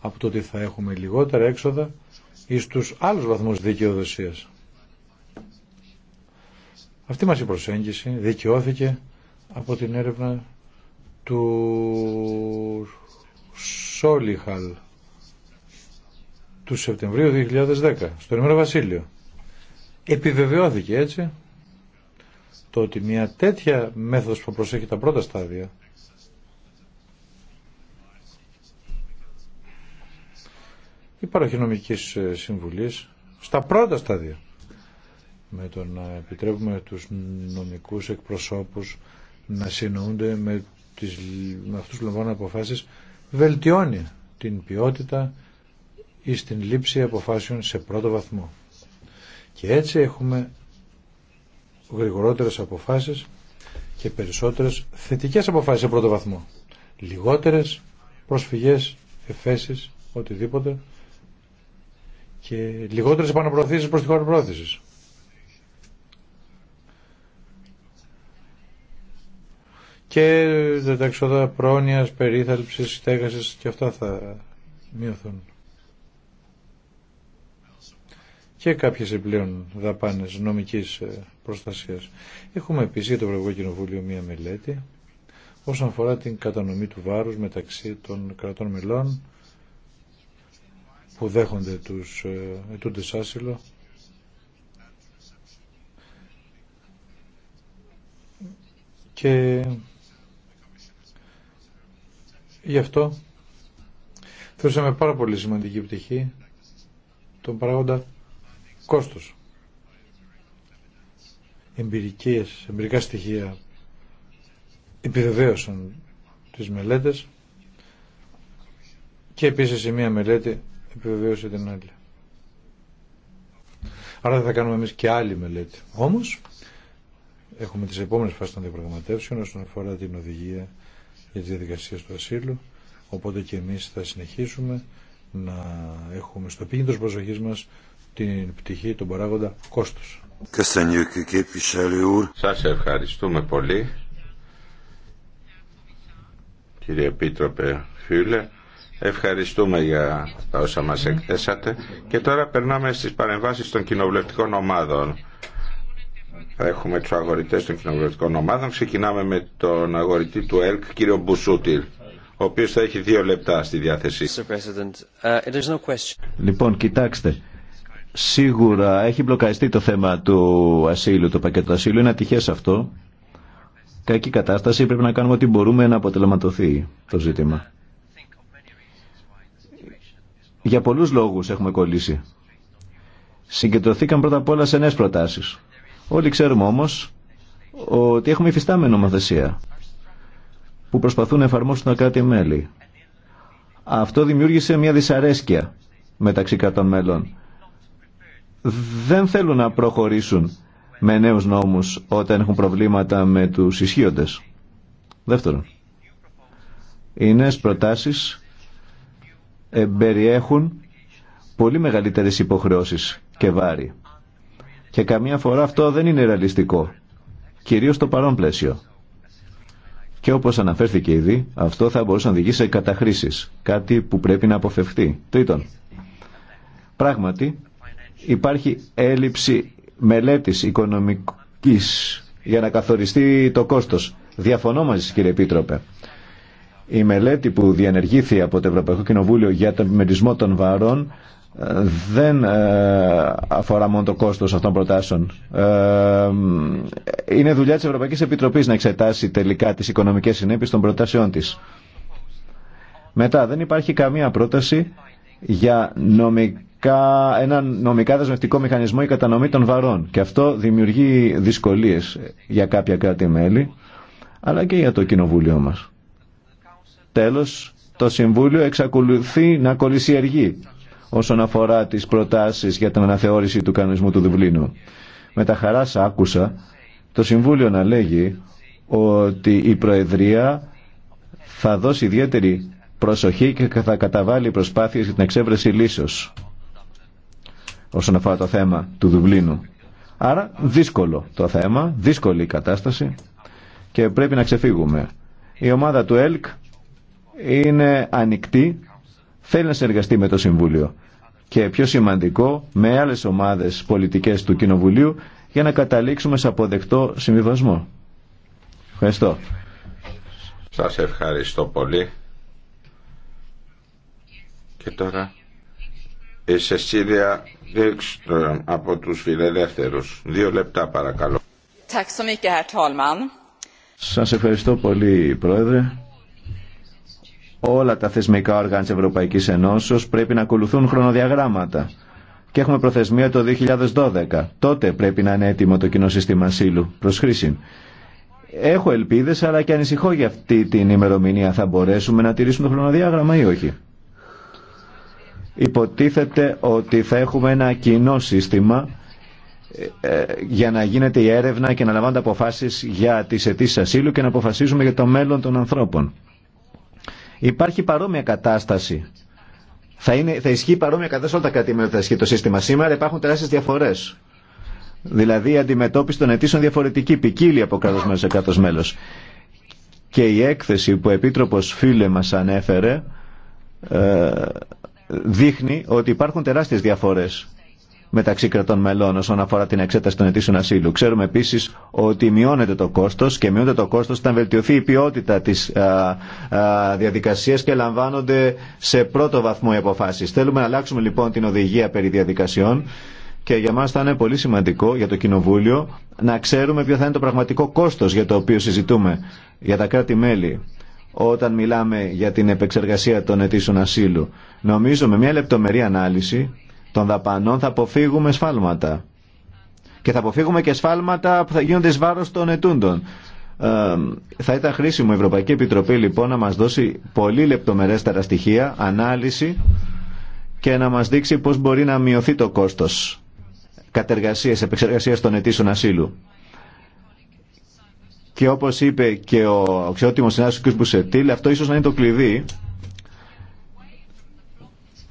από το ότι θα έχουμε λιγότερα έξοδα ή στους άλλους βαθμούς δικαιοδοσίας. Αυτή μας η προσέγγιση δικαιώθηκε από την έρευνα του Σόλιχαλ του Σεπτεμβρίου 2010 στο Ηνωμένο Βασίλειο. Επιβεβαιώθηκε έτσι το ότι μια τέτοια μέθοδος που προσέχει τα πρώτα στάδια η νομικής ε, συμβουλής στα πρώτα στάδια με το να επιτρέπουμε τους νομικούς εκπροσώπους να συνοούνται με, τις, με αυτούς που λαμβάνουν αποφάσεις βελτιώνει την ποιότητα ή στην λήψη αποφάσεων σε πρώτο βαθμό. Και έτσι έχουμε γρηγορότερες αποφάσεις και περισσότερες θετικές αποφάσεις σε πρώτο βαθμό. Λιγότερες προσφυγές, εφέσεις, οτιδήποτε και λιγότερες επαναπροωθήσεις προς τη χώρα προώθησης. και τα εξόδα πρόνοιας, περίθαλψης, στέγασης και αυτά θα μειωθούν. Και κάποιες επιπλέον δαπάνες νομικής ε, προστασίας. Έχουμε επίσης για το Ευρωπαϊκό Κοινοβούλιο μία μελέτη όσον αφορά την κατανομή του βάρους μεταξύ των κρατών μελών που δέχονται τους ε, ετούντες άσυλο και Γι' αυτό θεωρούσαμε πάρα πολύ σημαντική πτυχή τον παράγοντα κόστος. Εμπειρικές, εμπειρικά στοιχεία επιβεβαίωσαν τις μελέτες και επίσης η μία μελέτη επιβεβαίωσε την άλλη. Άρα θα κάνουμε εμείς και άλλη μελέτη. Όμως, έχουμε τις επόμενες φάσεις των διαπραγματεύσεων όσον αφορά την οδηγία για τις διαδικασίες του ασύλου, οπότε και εμείς θα συνεχίσουμε να έχουμε στο πίγνιο της προσοχής μας την πτυχή, τον παράγοντα κόστος. Σας ευχαριστούμε πολύ. Κύριε Επίτροπε Φίλε, ευχαριστούμε για τα όσα μας εκθέσατε και τώρα περνάμε στις παρεμβάσεις των κοινοβουλευτικών ομάδων θα έχουμε τους αγορητές των κοινοβουλευτικών ομάδων. Ξεκινάμε με τον αγορητή του ΕΛΚ, κύριο Μπουσούτιλ, ο οποίος θα έχει δύο λεπτά στη διάθεσή. Uh, λοιπόν, κοιτάξτε, σίγουρα έχει μπλοκαριστεί το θέμα του ασύλου, το πακέτο ασύλου. Είναι ατυχέ αυτό. Κακή κατάσταση, πρέπει να κάνουμε ό,τι μπορούμε να αποτελεματωθεί το ζήτημα. Για πολλούς λόγους έχουμε κολλήσει. Συγκεντρωθήκαν πρώτα απ' όλα σε νέες προτάσεις Όλοι ξέρουμε όμως ότι έχουμε υφιστάμενο νομοθεσία που προσπαθούν να εφαρμόσουν τα κράτη-μέλη. Αυτό δημιούργησε μια δυσαρέσκεια μεταξύ κρατών μέλων. Δεν θέλουν να προχωρήσουν με νέους νόμους όταν έχουν προβλήματα με τους ισχύοντες. Δεύτερον, οι νέες προτάσεις περιέχουν πολύ μεγαλύτερες υποχρεώσεις και βάρη. Και καμία φορά αυτό δεν είναι ρεαλιστικό, κυρίως στο παρόν πλαίσιο. Και όπως αναφέρθηκε ήδη, αυτό θα μπορούσε να οδηγήσει σε καταχρήσεις, κάτι που πρέπει να αποφευχθεί. Τρίτον, πράγματι υπάρχει έλλειψη μελέτης οικονομικής για να καθοριστεί το κόστος. Διαφωνώ μαζί σας κύριε Επίτροπε. Η μελέτη που διενεργήθη από το Ευρωπαϊκό Κοινοβούλιο για τον μερισμό των βαρών δεν ε, αφορά μόνο το κόστος αυτών των προτάσεων. Ε, είναι δουλειά της Ευρωπαϊκής Επιτροπής να εξετάσει τελικά τις οικονομικές συνέπειες των προτάσεών της. Μετά, δεν υπάρχει καμία πρόταση για νομικά, ένα νομικά δεσμευτικό μηχανισμό η κατανομή των βαρών. Και αυτό δημιουργεί δυσκολίες για κάποια κράτη-μέλη, αλλά και για το κοινοβούλιο μας. Τέλος, το Συμβούλιο εξακολουθεί να κολλησιεργεί όσον αφορά τις προτάσεις για την αναθεώρηση του κανονισμού του Δουβλίνου. Με τα χαράς άκουσα το Συμβούλιο να λέγει ότι η Προεδρία θα δώσει ιδιαίτερη προσοχή και θα καταβάλει προσπάθειες για την εξέβρεση λύσεως όσον αφορά το θέμα του Δουβλίνου. Άρα δύσκολο το θέμα, δύσκολη η κατάσταση και πρέπει να ξεφύγουμε. Η ομάδα του ΕΛΚ είναι ανοιχτή θέλει να συνεργαστεί με το Συμβούλιο και πιο σημαντικό με άλλες ομάδες πολιτικές του Κοινοβουλίου για να καταλήξουμε σε αποδεκτό συμβιβασμό. Ευχαριστώ. Σας ευχαριστώ πολύ. Και τώρα η Σεσίλια Δίξτρο από τους Φιλελεύθερους. Δύο λεπτά παρακαλώ. Σας ευχαριστώ πολύ Πρόεδρε όλα τα θεσμικά όργανα της Ευρωπαϊκής Ενώσεως πρέπει να ακολουθούν χρονοδιαγράμματα και έχουμε προθεσμία το 2012. Τότε πρέπει να είναι έτοιμο το κοινό σύστημα ασύλου προς χρήση. Έχω ελπίδες αλλά και ανησυχώ για αυτή την ημερομηνία. Θα μπορέσουμε να τηρήσουμε το χρονοδιάγραμμα ή όχι. Υποτίθεται ότι θα έχουμε ένα κοινό σύστημα ε, για να γίνεται η έρευνα και να λαμβάνονται αποφάσεις για τις αιτήσει ασύλου και να αποφασίζουμε για το μέλλον των ανθρώπων. Υπάρχει παρόμοια κατάσταση. Θα, είναι, θα ισχύει παρόμοια κατάσταση όλα τα κρατήματα θα ισχύει το σύστημα. Σήμερα υπάρχουν τεράστιε διαφορέ. Δηλαδή η αντιμετώπιση των αιτήσεων διαφορετική, ποικίλη από κράτο μέλο σε κράτο μέλο. Και η έκθεση που ο Επίτροπο Φίλε μα ανέφερε ε, δείχνει ότι υπάρχουν τεράστιε διαφορέ μεταξύ κρατών μελών όσον αφορά την εξέταση των αιτήσεων ασύλου. Ξέρουμε επίση ότι μειώνεται το κόστο και μειώνεται το κόστο όταν βελτιωθεί η ποιότητα τη διαδικασία και λαμβάνονται σε πρώτο βαθμό οι αποφάσει. Θέλουμε να αλλάξουμε λοιπόν την οδηγία περί διαδικασιών και για μας θα είναι πολύ σημαντικό για το Κοινοβούλιο να ξέρουμε ποιο θα είναι το πραγματικό κόστος για το οποίο συζητούμε για τα κράτη-μέλη όταν μιλάμε για την επεξεργασία των αιτήσεων ασύλου. Νομίζω με μια λεπτομερή ανάλυση των δαπανών θα αποφύγουμε σφάλματα. Και θα αποφύγουμε και σφάλματα που θα γίνονται εις βάρος των ετούντων. Ε, θα ήταν χρήσιμο η Ευρωπαϊκή Επιτροπή λοιπόν να μας δώσει πολύ λεπτομερέστερα στοιχεία, ανάλυση και να μας δείξει πώς μπορεί να μειωθεί το κόστος κατεργασίας, επεξεργασίας των αιτήσεων ασύλου. Και όπως είπε και ο αξιότιμος συνάδελφος κ. αυτό ίσως να είναι το κλειδί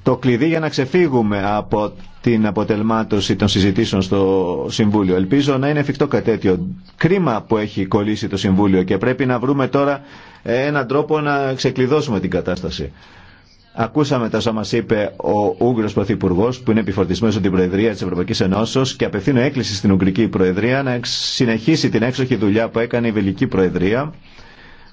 το κλειδί για να ξεφύγουμε από την αποτελμάτωση των συζητήσεων στο Συμβούλιο. Ελπίζω να είναι εφικτό κάτι τέτοιο. Κρίμα που έχει κολλήσει το Συμβούλιο και πρέπει να βρούμε τώρα έναν τρόπο να ξεκλειδώσουμε την κατάσταση. Ακούσαμε τα όσα μα είπε ο Ούγγρος Πρωθυπουργό, που είναι επιφορτισμένο από την Προεδρία τη Ευρωπαϊκή Ενώσεω και απευθύνω έκκληση στην Ουγγρική Προεδρία να συνεχίσει την έξοχη δουλειά που έκανε η Βελική Προεδρία.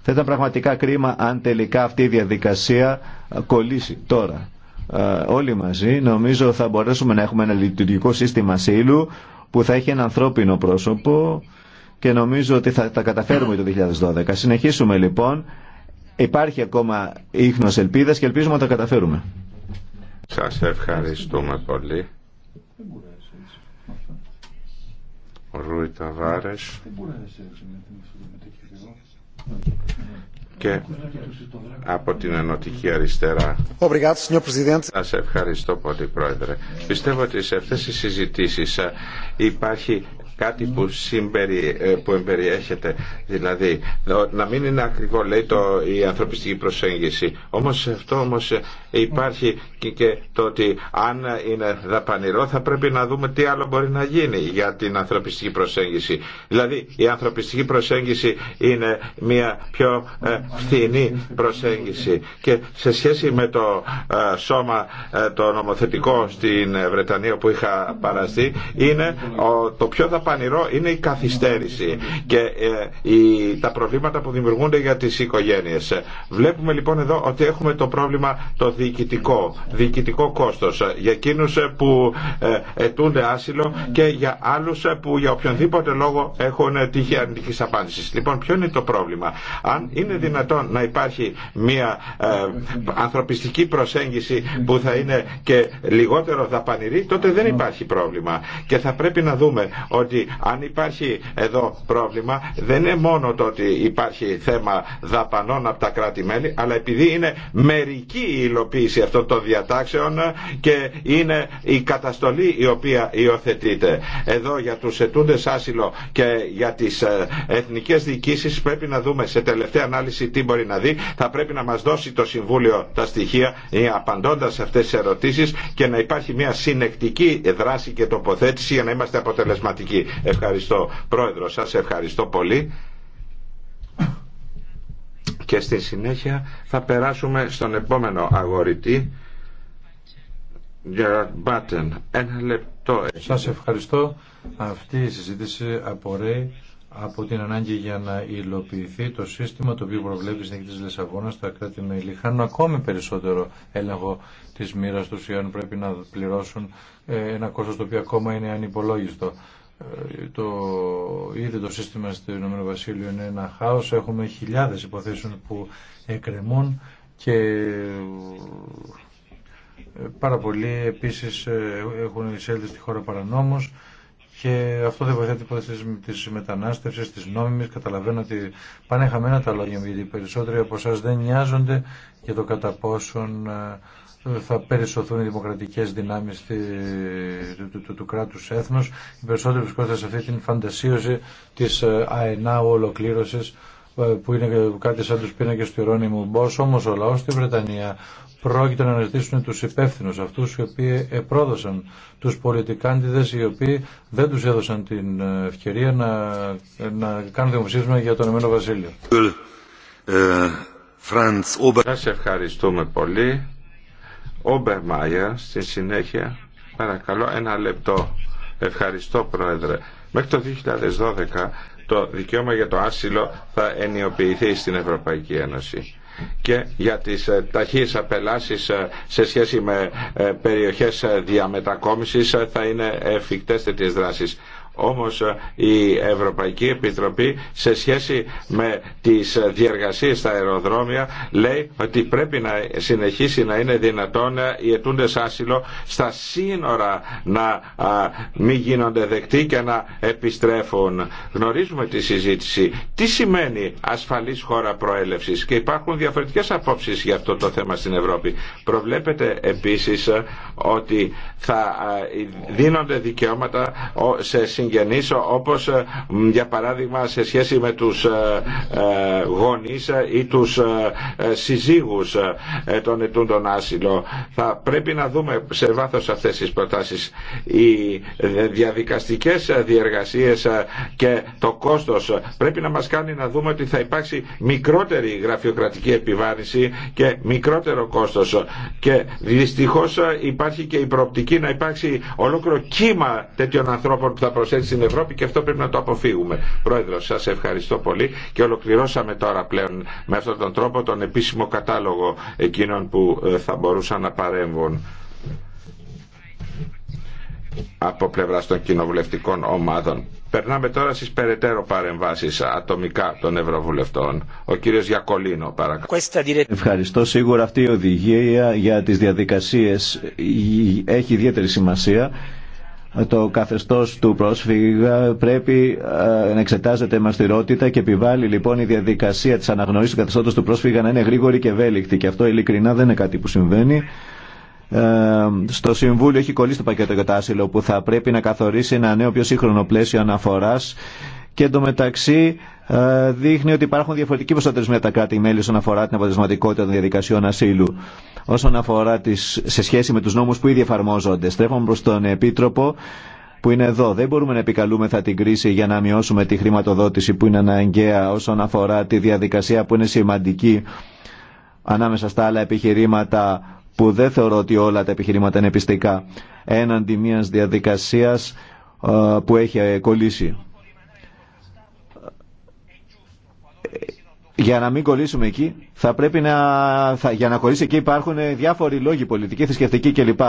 Θα ήταν πραγματικά κρίμα αν τελικά αυτή η διαδικασία κολλήσει τώρα. Ε, όλοι μαζί νομίζω θα μπορέσουμε να έχουμε ένα λειτουργικό σύστημα σύλλου που θα έχει ένα ανθρώπινο πρόσωπο και νομίζω ότι θα τα καταφέρουμε το 2012. Συνεχίσουμε λοιπόν. Υπάρχει ακόμα ίχνος ελπίδας και ελπίζουμε να τα καταφέρουμε. Σας ευχαριστούμε πολύ. Ρούι και από την Ενωτική Αριστερά. Σας ευχαριστώ πολύ Πρόεδρε. Πιστεύω ότι σε αυτές τις συζητήσεις ε, υπάρχει κάτι που, συμπερι, ε, που εμπεριέχεται. Δηλαδή, να μην είναι ακριβό, λέει το, η ανθρωπιστική προσέγγιση. Όμως αυτό όμως ε, υπάρχει και, το ότι αν είναι δαπανηρό θα πρέπει να δούμε τι άλλο μπορεί να γίνει για την ανθρωπιστική προσέγγιση. Δηλαδή, η ανθρωπιστική προσέγγιση είναι μια πιο ε, φθηνή προσέγγιση. Και σε σχέση με το σώμα ε, το νομοθετικό στην Βρετανία που είχα παραστεί, είναι το πιο δαπανηρό πανηρό είναι η καθυστέρηση και ε, τα προβλήματα που δημιουργούνται για τις οικογένειες. Βλέπουμε λοιπόν εδώ ότι έχουμε το πρόβλημα το διοικητικό, διοικητικό κόστος για εκείνους που ε, ετούνται άσυλο και για άλλους που για οποιονδήποτε λόγο έχουν τύχη αρνητικής απάντησης. Λοιπόν, ποιο είναι το πρόβλημα. Αν είναι δυνατόν να υπάρχει μια ε, ανθρωπιστική προσέγγιση που θα είναι και λιγότερο δαπανηρή, τότε δεν υπάρχει πρόβλημα. Και θα πρέπει να δούμε ότι ότι αν υπάρχει εδώ πρόβλημα δεν είναι μόνο το ότι υπάρχει θέμα δαπανών από τα κράτη-μέλη αλλά επειδή είναι μερική η υλοποίηση αυτών των διατάξεων και είναι η καταστολή η οποία υιοθετείται. Εδώ για τους ετούντες άσυλο και για τις ε, εθνικές διοικήσεις πρέπει να δούμε σε τελευταία ανάλυση τι μπορεί να δει. Θα πρέπει να μας δώσει το Συμβούλιο τα στοιχεία ε, απαντώντας σε αυτές τις ερωτήσεις και να υπάρχει μια συνεκτική δράση και τοποθέτηση για να είμαστε αποτελεσματικοί. Ευχαριστώ Πρόεδρο, σας ευχαριστώ πολύ. Και στη συνέχεια θα περάσουμε στον επόμενο αγορητή, Gerard Ένα λεπτό. Σας ευχαριστώ. Αυτή η συζήτηση απορρέει από την ανάγκη για να υλοποιηθεί το σύστημα το οποίο προβλέπει στην της Λισαβόνα στα κράτη-μέλη χάνουν ακόμη περισσότερο έλεγχο της μοίρα τους ή αν πρέπει να πληρώσουν ε, ένα κόστος το οποίο ακόμα είναι ανυπολόγιστο. Ε, το ήδη το σύστημα στο Ηνωμένο Βασίλειο είναι ένα χάος. Έχουμε χιλιάδες υποθέσεων που εκκρεμούν και ε, πάρα πολλοί επίσης ε, έχουν εισέλθει στη χώρα παρανόμως και αυτό δεν βοηθάει τίποτα τη μετανάστευση, τη νόμιμη. Καταλαβαίνω ότι πάνε χαμένα τα λόγια γιατί οι περισσότεροι από εσά δεν νοιάζονται για το κατά πόσον θα περισσωθούν οι δημοκρατικές δυνάμεις του, του, του, κράτους έθνους. Οι περισσότεροι βρισκόταν σε αυτή την φαντασίωση της ε, αενά ολοκλήρωσης ε, που είναι κάτι σαν τους πίνακες του Ιερώνιμου Μπός, όμως ο λαός στη Βρετανία πρόκειται να αναζητήσουν τους υπεύθυνους, αυτούς οι οποίοι επρόδωσαν τους πολιτικάντιδες, οι οποίοι δεν τους έδωσαν την ε, ευκαιρία να, να κάνουν δημοψήφισμα για τον Εμένο Βασίλειο. Σας ευχαριστούμε πολύ. Ομπερμάγερ στη συνέχεια. Παρακαλώ ένα λεπτό. Ευχαριστώ Πρόεδρε. Μέχρι το 2012 το δικαίωμα για το άσυλο θα ενιοποιηθεί στην Ευρωπαϊκή Ένωση και για τις ε, ταχύες απελάσεις ε, σε σχέση με ε, περιοχές διαμετακόμισης θα είναι εφικτές τέτοιες δράσεις. Όμως ε, η Ευρωπαϊκή Επιτροπή σε σχέση με τις ε, διεργασίες στα αεροδρόμια λέει ότι πρέπει να συνεχίσει να είναι δυνατόν ε, οι ετούντες άσυλο στα σύνορα να μην γίνονται δεκτοί και να επιστρέφουν. Γνωρίζουμε τη συζήτηση. Τι σημαίνει ασφαλής χώρα προέλευσης και υπάρχουν διαφορετικές απόψεις για αυτό το θέμα στην Ευρώπη. Προβλέπετε επίσης ότι θα δίνονται δικαιώματα σε συγγενείς όπως ε, για παράδειγμα σε σχέση με τους ε, ε, γονείς ή τους συζύγους των ετούντων άσυλο. Θα πρέπει να δούμε σε βάθος αυτές τις προτάσεις οι διαδικαστικές διεργασίες και το κόστος πρέπει να μας κάνει να δούμε ότι θα υπάρξει μικρότερη γραφειοκρατική επιβάρηση και μικρότερο κόστος και δυστυχώς υπάρχει και η προοπτική να υπάρξει ολόκληρο κύμα τέτοιων ανθρώπων που θα στην Ευρώπη και αυτό πρέπει να το αποφύγουμε. Πρόεδρο, σας ευχαριστώ πολύ και ολοκληρώσαμε τώρα πλέον με αυτόν τον τρόπο τον επίσημο κατάλογο εκείνων που ε, θα μπορούσαν να παρέμβουν από πλευρά των κοινοβουλευτικών ομάδων. Περνάμε τώρα στις περαιτέρω παρεμβάσεις ατομικά των Ευρωβουλευτών. Ο κύριος Γιακολίνο παρακαλώ. Ευχαριστώ. Σίγουρα αυτή η οδηγία για τις διαδικασίες έχει ιδιαίτερη σημασία το καθεστώς του πρόσφυγα πρέπει ε, να εξετάζεται με αυστηρότητα και επιβάλλει λοιπόν η διαδικασία της αναγνωρίσης του καθεστώτος του πρόσφυγα να είναι γρήγορη και ευέλικτη και αυτό ειλικρινά δεν είναι κάτι που συμβαίνει. Ε, στο Συμβούλιο έχει κολλήσει το πακέτο για το άσυλο που θα πρέπει να καθορίσει ένα νέο πιο σύγχρονο πλαίσιο αναφοράς και εντωμεταξύ ε, δείχνει ότι υπάρχουν διαφορετικοί προστατευτισμοί από τα κράτη-μέλη όσον αφορά την αποτελεσματικότητα των διαδικασιών ασύλου. Όσον αφορά τις, σε σχέση με του νόμου που ήδη εφαρμόζονται, στρέφομαι προ τον Επίτροπο που είναι εδώ. Δεν μπορούμε να επικαλούμεθα την κρίση για να μειώσουμε τη χρηματοδότηση που είναι αναγκαία όσον αφορά τη διαδικασία που είναι σημαντική ανάμεσα στα άλλα επιχειρήματα που δεν θεωρώ ότι όλα τα επιχειρήματα είναι πιστικά έναντι μια διαδικασίας ε, που έχει κολλήσει. για να μην κολλήσουμε εκεί, θα πρέπει να, θα, για να κολλήσει εκεί υπάρχουν ε, διάφοροι λόγοι πολιτικοί, θρησκευτικοί κλπ.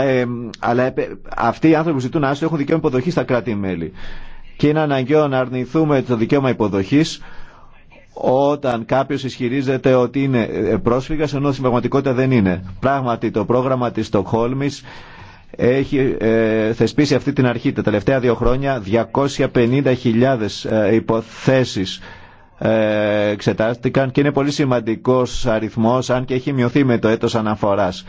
Ε, αλλά αυτοί οι άνθρωποι που ζητούν άσυλο έχουν δικαίωμα υποδοχή στα κράτη-μέλη. Και είναι αναγκαίο να αρνηθούμε το δικαίωμα υποδοχή όταν κάποιο ισχυρίζεται ότι είναι ε, πρόσφυγα, ενώ στην πραγματικότητα δεν είναι. Πράγματι το πρόγραμμα τη Στοκχόλμη έχει ε, θεσπίσει αυτή την αρχή τα τελευταία δύο χρόνια 250.000 ε, εξετάστηκαν και είναι πολύ σημαντικός αριθμός αν και έχει μειωθεί με το έτος αναφοράς.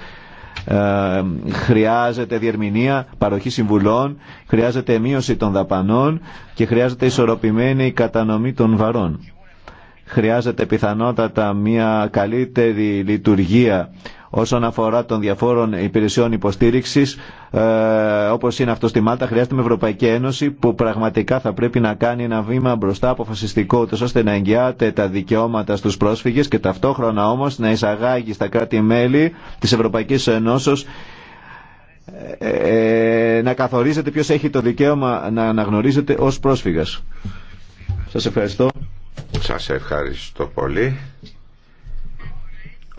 Ε, χρειάζεται διερμηνία, παροχή συμβουλών, χρειάζεται μείωση των δαπανών και χρειάζεται ισορροπημένη κατανομή των βαρών. Χρειάζεται πιθανότατα μια καλύτερη λειτουργία όσον αφορά των διαφόρων υπηρεσιών υποστήριξη, ε, όπω είναι αυτό στη Μάλτα, χρειάζεται με Ευρωπαϊκή Ένωση που πραγματικά θα πρέπει να κάνει ένα βήμα μπροστά αποφασιστικό, ούτω ώστε να εγγυάται τα δικαιώματα στου πρόσφυγε και ταυτόχρονα όμω να εισαγάγει στα κράτη-μέλη τη Ευρωπαϊκή Ενώσεω ε, ε, να καθορίζεται ποιος έχει το δικαίωμα να αναγνωρίζεται ως πρόσφυγας. Σας ευχαριστώ. Σας ευχαριστώ πολύ.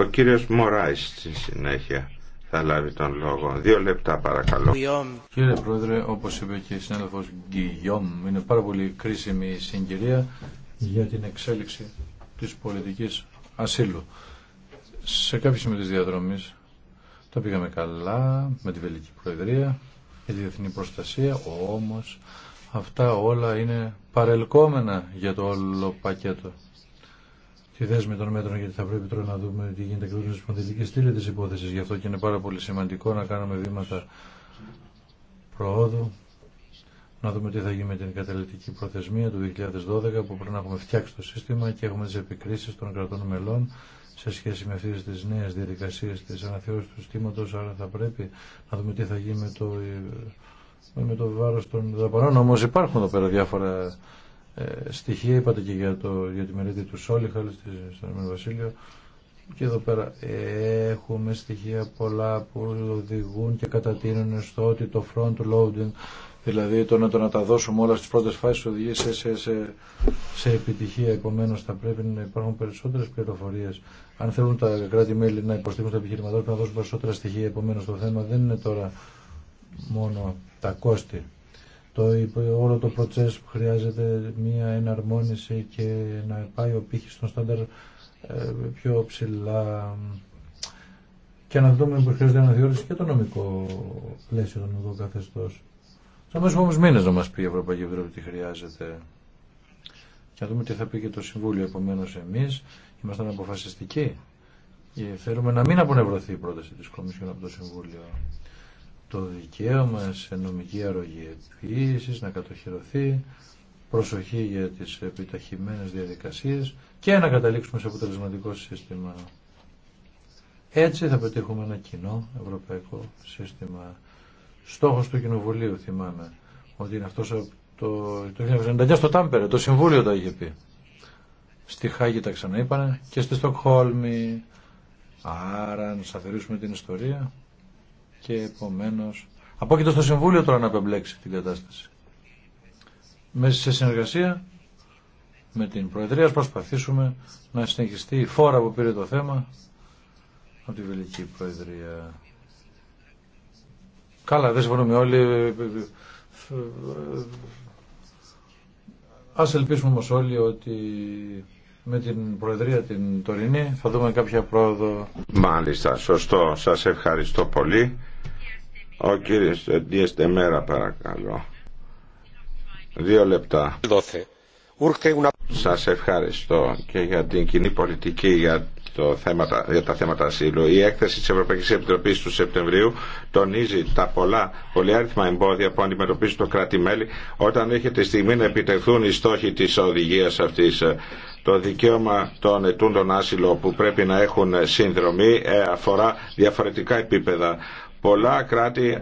Ο κύριος Μωράης στη συνέχεια θα λάβει τον λόγο. Δύο λεπτά παρακαλώ. Κύριε Πρόεδρε, όπως είπε και η συνάδελφος Γκυγιόμ, είναι πάρα πολύ κρίσιμη η συγκυρία για την εξέλιξη της πολιτικής ασύλου. Σε κάποιες με τις διαδρομής τα πήγαμε καλά με τη Βελική Προεδρία και τη Διεθνή Προστασία, όμως αυτά όλα είναι παρελκόμενα για το όλο πακέτο τη δέσμη των μέτρων, γιατί θα πρέπει τώρα να δούμε τι γίνεται ακριβώ με τι πονδυλικέ στήλε τη υπόθεση. Γι' αυτό και είναι πάρα πολύ σημαντικό να κάνουμε βήματα προόδου, να δούμε τι θα γίνει με την καταλητική προθεσμία του 2012, που πρέπει να έχουμε φτιάξει το σύστημα και έχουμε τι επικρίσει των κρατών μελών σε σχέση με αυτέ τι νέε διαδικασίε τη αναθεώρηση του συστήματο. Άρα θα πρέπει να δούμε τι θα γίνει με το, με το βάρο των δαπανών. Όμω υπάρχουν εδώ πέρα διάφορα ε, στοιχεία, είπατε και για, το, για τη μερίδη του Σόλιχαλ στο Ηνωμένο Βασίλειο. Και εδώ πέρα έχουμε στοιχεία πολλά που οδηγούν και κατατείνουν στο ότι το front loading, δηλαδή το να, το να τα δώσουμε όλα στις πρώτες φάσεις οδηγεί σε, σε, σε επιτυχία. επομένω, θα πρέπει να υπάρχουν περισσότερες πληροφορίες. Αν θέλουν τα κράτη-μέλη να υποστήριξουν τα επιχειρηματικά, να δώσουν περισσότερα στοιχεία. επομένω το θέμα δεν είναι τώρα μόνο τα κόστη το, όλο το προτσές που χρειάζεται μία εναρμόνιση και να πάει ο πύχης στον στάνταρ ε, πιο ψηλά και να δούμε που χρειάζεται να διορίσει και το νομικό πλαίσιο, το νομικό καθεστώς. Θα μας όμως μήνες να μας πει η Ευρωπαϊκή Επιτροπή τι χρειάζεται και να δούμε τι θα πει και το Συμβούλιο. επομένω εμείς ήμασταν αποφασιστικοί και θέλουμε να μην απονευρωθεί η πρόταση της Κομισιόν από το Συμβούλιο το δικαίωμα σε νομική αρρωγή επίσης, να κατοχυρωθεί, προσοχή για τις επιταχυμένες διαδικασίες και να καταλήξουμε σε αποτελεσματικό σύστημα. Έτσι θα πετύχουμε ένα κοινό ευρωπαϊκό σύστημα. Στόχος του Κοινοβουλίου θυμάμαι ότι είναι αυτός από το, το 1999 στο Τάμπερε, το Συμβούλιο τα είχε πει. Στη Χάγη τα ξαναείπανε και στη Στοκχόλμη. Άρα να σταθερήσουμε την ιστορία και επομένως απόκειτο στο Συμβούλιο τώρα να απεμπλέξει την κατάσταση. Μέσα σε συνεργασία με την Προεδρία προσπαθήσουμε να συνεχιστεί η φόρα που πήρε το θέμα από τη Βελική Προεδρία. Καλά, δεν συμφωνούμε όλοι. Ας ελπίσουμε όμως όλοι ότι με την Προεδρία την τωρινή θα δούμε κάποια πρόοδο. Μάλιστα, σωστό. Σας ευχαριστώ πολύ. Ο κύριος Ντίεστε Μέρα παρακαλώ. Δύο λεπτά. Σας ευχαριστώ και για την κοινή πολιτική, για το θέματα, για τα θέματα ασύλου. Η έκθεση της Ευρωπαϊκής Επιτροπής του Σεπτεμβρίου τονίζει τα πολλά πολυάριθμα εμπόδια που αντιμετωπίζουν το κράτη-μέλη όταν έχετε στιγμή να επιτευχθούν οι στόχοι της οδηγίας αυτής το δικαίωμα των ετούντων άσυλο που πρέπει να έχουν σύνδρομη ε, αφορά διαφορετικά επίπεδα Πολλά κράτη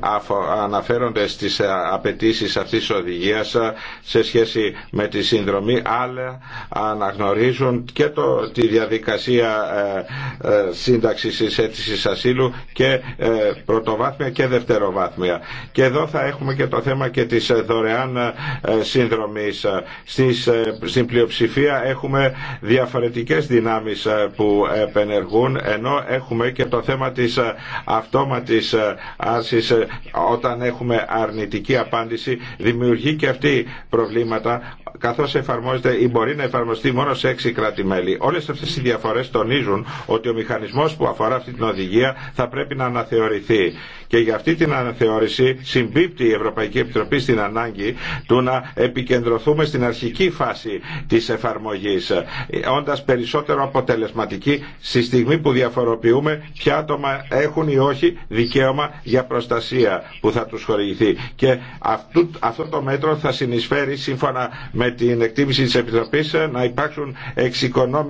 αναφέρονται στις ε, απαιτήσεις αυτής της οδηγίας ε, σε σχέση με τη συνδρομή, αλλά αναγνωρίζουν και το, τη διαδικασία ε, ε, σύνταξης της αίτησης ασύλου και ε, πρωτοβάθμια και δευτεροβάθμια. Και εδώ θα έχουμε και το θέμα και της δωρεάν συνδρομής. Στις, στην πλειοψηφία έχουμε διαφορετικές δυνάμεις που επενεργούν, ενώ έχουμε και το θέμα της αυτόματης Άσεις ε, όταν έχουμε αρνητική απάντηση δημιουργεί και αυτή προβλήματα καθώς εφαρμόζεται ή μπορεί να εφαρμοστεί μόνο σε έξι κράτη-μέλη. Όλες αυτές οι διαφορές τονίζουν ότι ο μηχανισμός που αφορά αυτή την οδηγία θα πρέπει να αναθεωρηθεί. Και για αυτή την αναθεώρηση συμπίπτει η Ευρωπαϊκή Επιτροπή στην ανάγκη του να επικεντρωθούμε στην αρχική φάση της εφαρμογής, όντας περισσότερο αποτελεσματική στη στιγμή που διαφοροποιούμε ποια άτομα έχουν ή όχι δικαίωμα δικαίωμα για προστασία που θα τους χορηγηθεί. Και αυτού, αυτό το μέτρο θα συνεισφέρει σύμφωνα με την εκτίμηση της Επιτροπής να υπάρξουν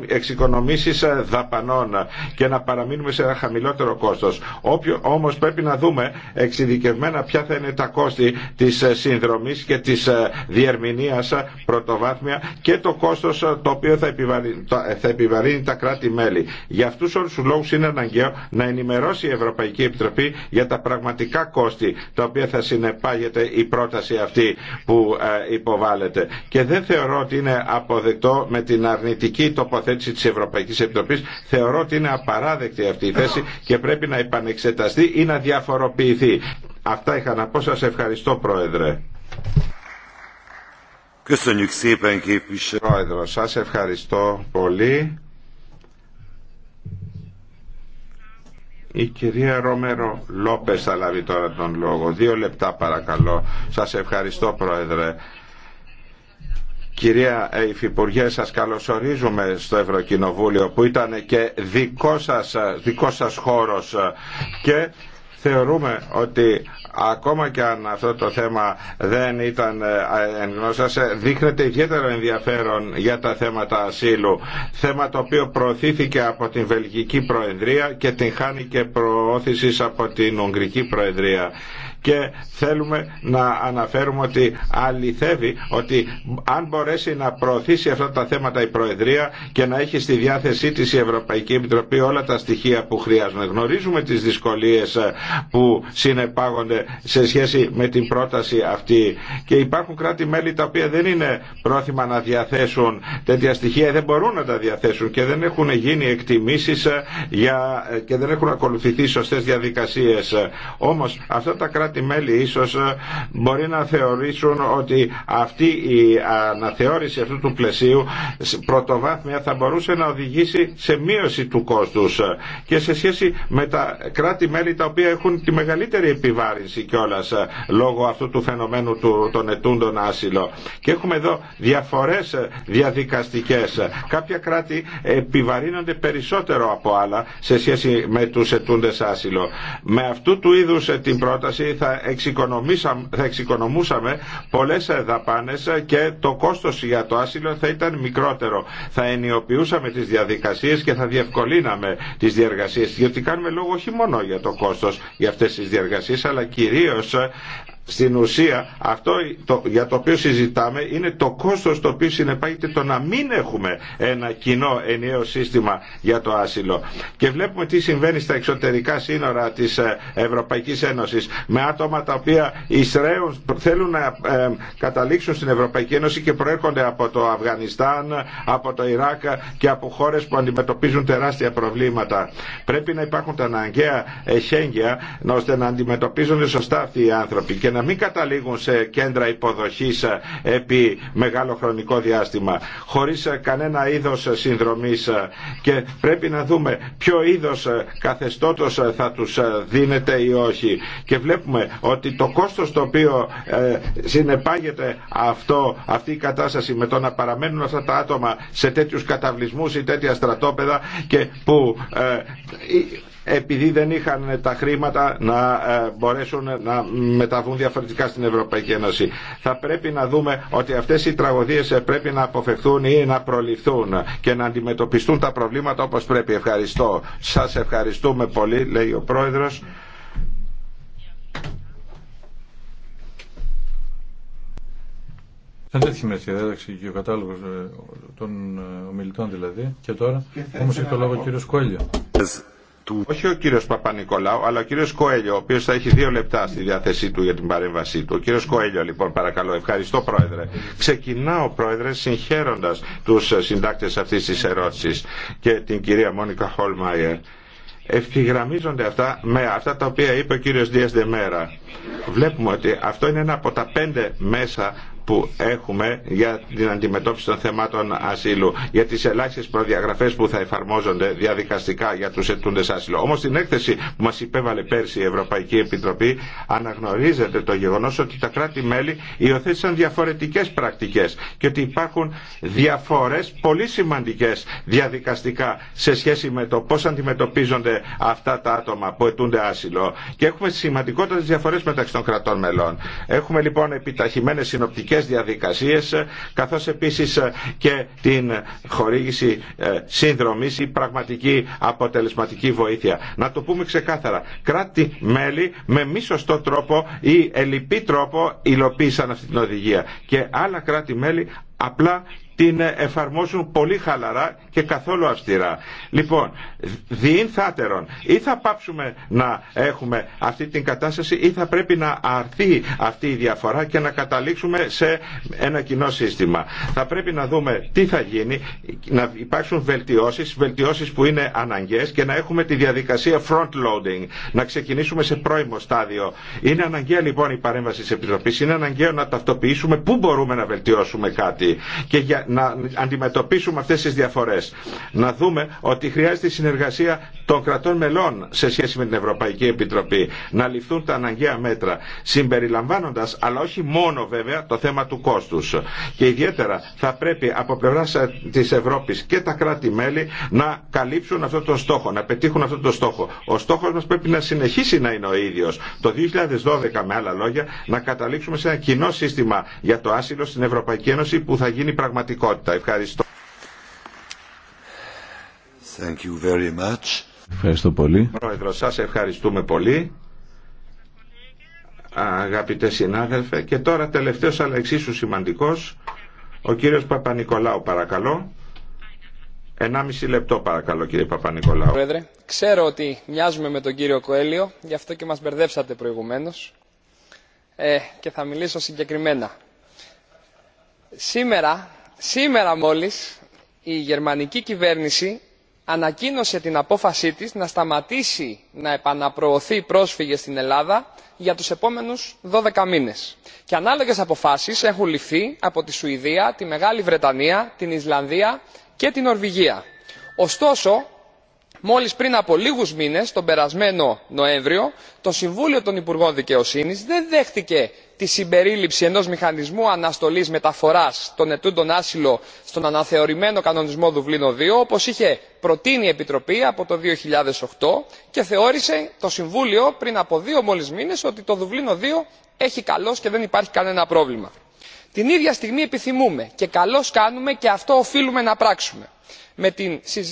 εξοικονομήσεις δαπανών και να παραμείνουμε σε ένα χαμηλότερο κόστος. Όποιο, όμως πρέπει να δούμε εξειδικευμένα ποια θα είναι τα κόστη της συνδρομής και της διερμηνίας πρωτοβάθμια και το κόστος το οποίο θα επιβαρύνει, θα επιβαρύνει τα κράτη-μέλη. Για αυτούς όλους τους λόγους είναι αναγκαίο να ενημερώσει η Ευρωπαϊκή Επιτροπή για τα πραγματικά κόστη τα οποία θα συνεπάγεται η πρόταση αυτή που ε, υποβάλλεται. Και δεν θεωρώ ότι είναι αποδεκτό με την αρνητική τοποθέτηση της Ευρωπαϊκής Επιτροπής. Θεωρώ ότι είναι απαράδεκτη αυτή η θέση και πρέπει να επανεξεταστεί ή να διαφοροποιηθεί. Αυτά είχα να πω. Σας ευχαριστώ Πρόεδρε. Πρόεδρο, σας ευχαριστώ πολύ. Η κυρία Ρόμερο Λόπες θα λάβει τώρα τον λόγο. Δύο λεπτά παρακαλώ. Σας ευχαριστώ Πρόεδρε. Κυρία Υφυπουργέ, σας καλωσορίζουμε στο Ευρωκοινοβούλιο που ήταν και δικό σας, δικό σας χώρος και Θεωρούμε ότι ακόμα και αν αυτό το θέμα δεν ήταν ε, εν σας ε, δείχνεται ιδιαίτερο ενδιαφέρον για τα θέματα ασύλου. Θέμα το οποίο προωθήθηκε από την Βελγική Προεδρία και την χάνει και προώθησης από την Ουγγρική Προεδρία και θέλουμε να αναφέρουμε ότι αληθεύει ότι αν μπορέσει να προωθήσει αυτά τα θέματα η Προεδρία και να έχει στη διάθεσή της η Ευρωπαϊκή Επιτροπή όλα τα στοιχεία που χρειάζονται. Γνωρίζουμε τις δυσκολίες ε, που συνεπάγονται σε σχέση με την πρόταση αυτή και υπάρχουν κράτη-μέλη τα οποία δεν είναι πρόθυμα να διαθέσουν τέτοια στοιχεία, δεν μπορούν να τα διαθέσουν και δεν έχουν γίνει εκτιμήσεις ε, για... Ε, και δεν έχουν ακολουθηθεί σωστές διαδικασίες. Όμως αυτά τα κράτη κράτη-μέλη ίσως ε, μπορεί να θεωρήσουν ότι αυτή η αναθεώρηση αυτού του πλαισίου πρωτοβάθμια θα μπορούσε να οδηγήσει σε μείωση του κόστους ε, και σε σχέση με τα κράτη-μέλη τα οποία έχουν τη μεγαλύτερη επιβάρυνση κιόλα ε, λόγω αυτού του φαινομένου του, των ετούντων άσυλο. Και έχουμε εδώ διαφορές διαδικαστικές. Κάποια κράτη επιβαρύνονται περισσότερο από άλλα σε σχέση με τους ετούντες άσυλο. Με αυτού του είδους την πρόταση θα, θα εξοικονομούσαμε πολλές ε, δαπάνες ε, και το κόστος για το άσυλο θα ήταν μικρότερο. Θα ενιοποιούσαμε τις διαδικασίες και θα διευκολύναμε τις διεργασίες, διότι κάνουμε λόγο όχι μόνο για το κόστος για αυτές τις διεργασίες, αλλά κυρίως ε, στην ουσία αυτό το, για το οποίο συζητάμε είναι το κόστος το οποίο συνεπάγεται το να μην έχουμε ένα κοινό ενιαίο σύστημα για το άσυλο. Και βλέπουμε τι συμβαίνει στα εξωτερικά σύνορα της ε, Ευρωπαϊκής Ένωσης με άτομα τα οποία Ισραήλ θέλουν να ε, καταλήξουν στην Ευρωπαϊκή Ένωση και προέρχονται από το Αφγανιστάν, από το Ιράκ και από χώρες που αντιμετωπίζουν τεράστια προβλήματα. Πρέπει να υπάρχουν τα αναγκαία εχέγγυα ώστε να αντιμετωπίζονται σωστά αυτοί οι άνθρωποι να μην καταλήγουν σε κέντρα υποδοχής ε, επί μεγάλο χρονικό διάστημα χωρίς ε, κανένα είδος ε, συνδρομής και πρέπει να δούμε ποιο είδος καθεστώτος θα τους δίνεται ή όχι και βλέπουμε ότι το κόστος το οποίο συνεπάγεται αυτό, αυτή η κατάσταση με το να παραμένουν αυτά τα άτομα σε τέτοιους καταβλισμούς ή τέτοια στρατόπεδα που επειδή δεν είχαν τα χρήματα να ε, μπορέσουν να μεταβούν διαφορετικά στην Ευρωπαϊκή Ένωση. Θα πρέπει να δούμε ότι αυτές οι τραγωδίες ε, πρέπει να αποφευθούν ή να προληφθούν και να αντιμετωπιστούν τα προβλήματα όπως πρέπει. Ευχαριστώ. Σας ευχαριστούμε πολύ, λέει ο Πρόεδρος. Σαν τέτοια δεν και ο κατάλογο ε, των ομιλητών δηλαδή. Και τώρα όμω έχει το λόγο ο κύριο του... Όχι ο κύριος Παπα-Νικολάου, αλλά ο κύριος Κοέλιο, ο οποίος θα έχει δύο λεπτά στη διάθεσή του για την παρέμβασή του. Ο κύριος Κοέλιο, λοιπόν, παρακαλώ. Ευχαριστώ, Πρόεδρε. Ξεκινάω, Πρόεδρε, συγχαίροντας τους συντάκτες αυτής της ερώτησης και την κυρία Μόνικα Χολμάιερ ευθυγραμμίζονται αυτά με αυτά τα οποία είπε ο κύριος Δίας Δεμέρα. Βλέπουμε ότι αυτό είναι ένα από τα πέντε μέσα που έχουμε για την αντιμετώπιση των θεμάτων ασύλου, για τι ελάχιστε προδιαγραφέ που θα εφαρμόζονται διαδικαστικά για του ετούντε άσυλο. Όμω στην έκθεση που μα υπέβαλε πέρσι η Ευρωπαϊκή Επιτροπή αναγνωρίζεται το γεγονό ότι τα κράτη-μέλη υιοθέτησαν διαφορετικέ πρακτικέ και ότι υπάρχουν διαφορέ, πολύ σημαντικέ διαδικαστικά σε σχέση με το πώ αντιμετωπίζονται αυτά τα άτομα που ετούνται άσυλο και έχουμε σημαντικότερε διαφορέ μεταξύ των κρατών μελών. Έχουμε λοιπόν επιταχυμένε συνοπτικέ δικαστικές διαδικασίες καθώς επίσης και την χορήγηση ε, σύνδρομης ή πραγματική αποτελεσματική βοήθεια. Να το πούμε ξεκάθαρα. Κράτη-μέλη με μη σωστό τρόπο ή ελλειπή τρόπο υλοποίησαν αυτή την οδηγία και άλλα κράτη-μέλη απλά την εφαρμόσουν πολύ χαλαρά και καθόλου αυστηρά. Λοιπόν, διήνθατερον, ή θα πάψουμε να έχουμε αυτή την κατάσταση ή θα πρέπει να αρθεί αυτή η διαφορά και να καταλήξουμε σε ένα κοινό σύστημα. Θα πρέπει να δούμε τι θα γίνει, να υπάρξουν βελτιώσεις, βελτιώσεις που είναι αναγκαίες και να έχουμε τη διαδικασία front loading, να ξεκινήσουμε σε πρώιμο στάδιο. Είναι αναγκαία λοιπόν η παρέμβαση της Επιτροπής, είναι αναγκαίο να ταυτοποιήσουμε πού μπορούμε να βελτιώσουμε κάτι και για να αντιμετωπίσουμε αυτές τις διαφορές. Να δούμε ότι χρειάζεται συνεργασία των κρατών μελών σε σχέση με την Ευρωπαϊκή Επιτροπή. Να ληφθούν τα αναγκαία μέτρα. Συμπεριλαμβάνοντας, αλλά όχι μόνο βέβαια, το θέμα του κόστους. Και ιδιαίτερα θα πρέπει από πλευρά ε, της Ευρώπης και τα κράτη-μέλη να καλύψουν αυτόν τον στόχο, να πετύχουν αυτόν τον στόχο. Ο στόχος μας πρέπει να συνεχίσει να είναι ο ίδιος. Το 2012 με άλλα λόγια να καταλήξουμε σε ένα κοινό σύστημα για το άσυλο στην Ευρωπαϊκή Ένωση που θα γίνει πραγματικό. Ευχαριστώ. Thank you very much. Ευχαριστώ πολύ. Πρόεδρο, Σα ευχαριστούμε πολύ. Αγαπητέ συνάδελφε, και τώρα τελευταίο αλλά εξίσου σημαντικό: ο κύριο παπα Παπα-Νικολάου παρακαλώ. 1,5 λεπτό παρακαλώ κύριε Παπα-Νικολάου. Πρόεδρε, ξέρω ότι μοιάζουμε με τον κύριο Κοέλιο, γι' αυτό και μας μπερδέψατε προηγουμένω. Ε, και θα μιλήσω συγκεκριμένα. Σήμερα σήμερα μόλις η γερμανική κυβέρνηση ανακοίνωσε την απόφασή της να σταματήσει να επαναπροωθεί πρόσφυγες στην ελλάδα για τους επόμενους δώδεκα μήνες και ανάλογες αποφάσεις έχουν ληφθεί από τη σουηδία τη μεγάλη βρετανία την ισλανδία και την νορβηγία. ωστόσο μόλις πριν από λίγους μήνες τον περασμένο νοέμβριο το συμβούλιο των υπουργών δικαιοσύνης δεν δέχτηκε τη συμπερίληψη ενός μηχανισμού αναστολής μεταφοράς των ετούντων άσυλο στον αναθεωρημένο κανονισμό δουβλίνο 2, όπως είχε προτείνει η επιτροπή από το 2008 και θεώρησε το συμβούλιο πριν από δύο μόλις μήνες ότι το δουβλίνο 2 έχει καλώς και δεν υπάρχει κανένα πρόβλημα. την ίδια στιγμή επιθυμούμε και καλώς κάνουμε και αυτό οφείλουμε να πράξουμε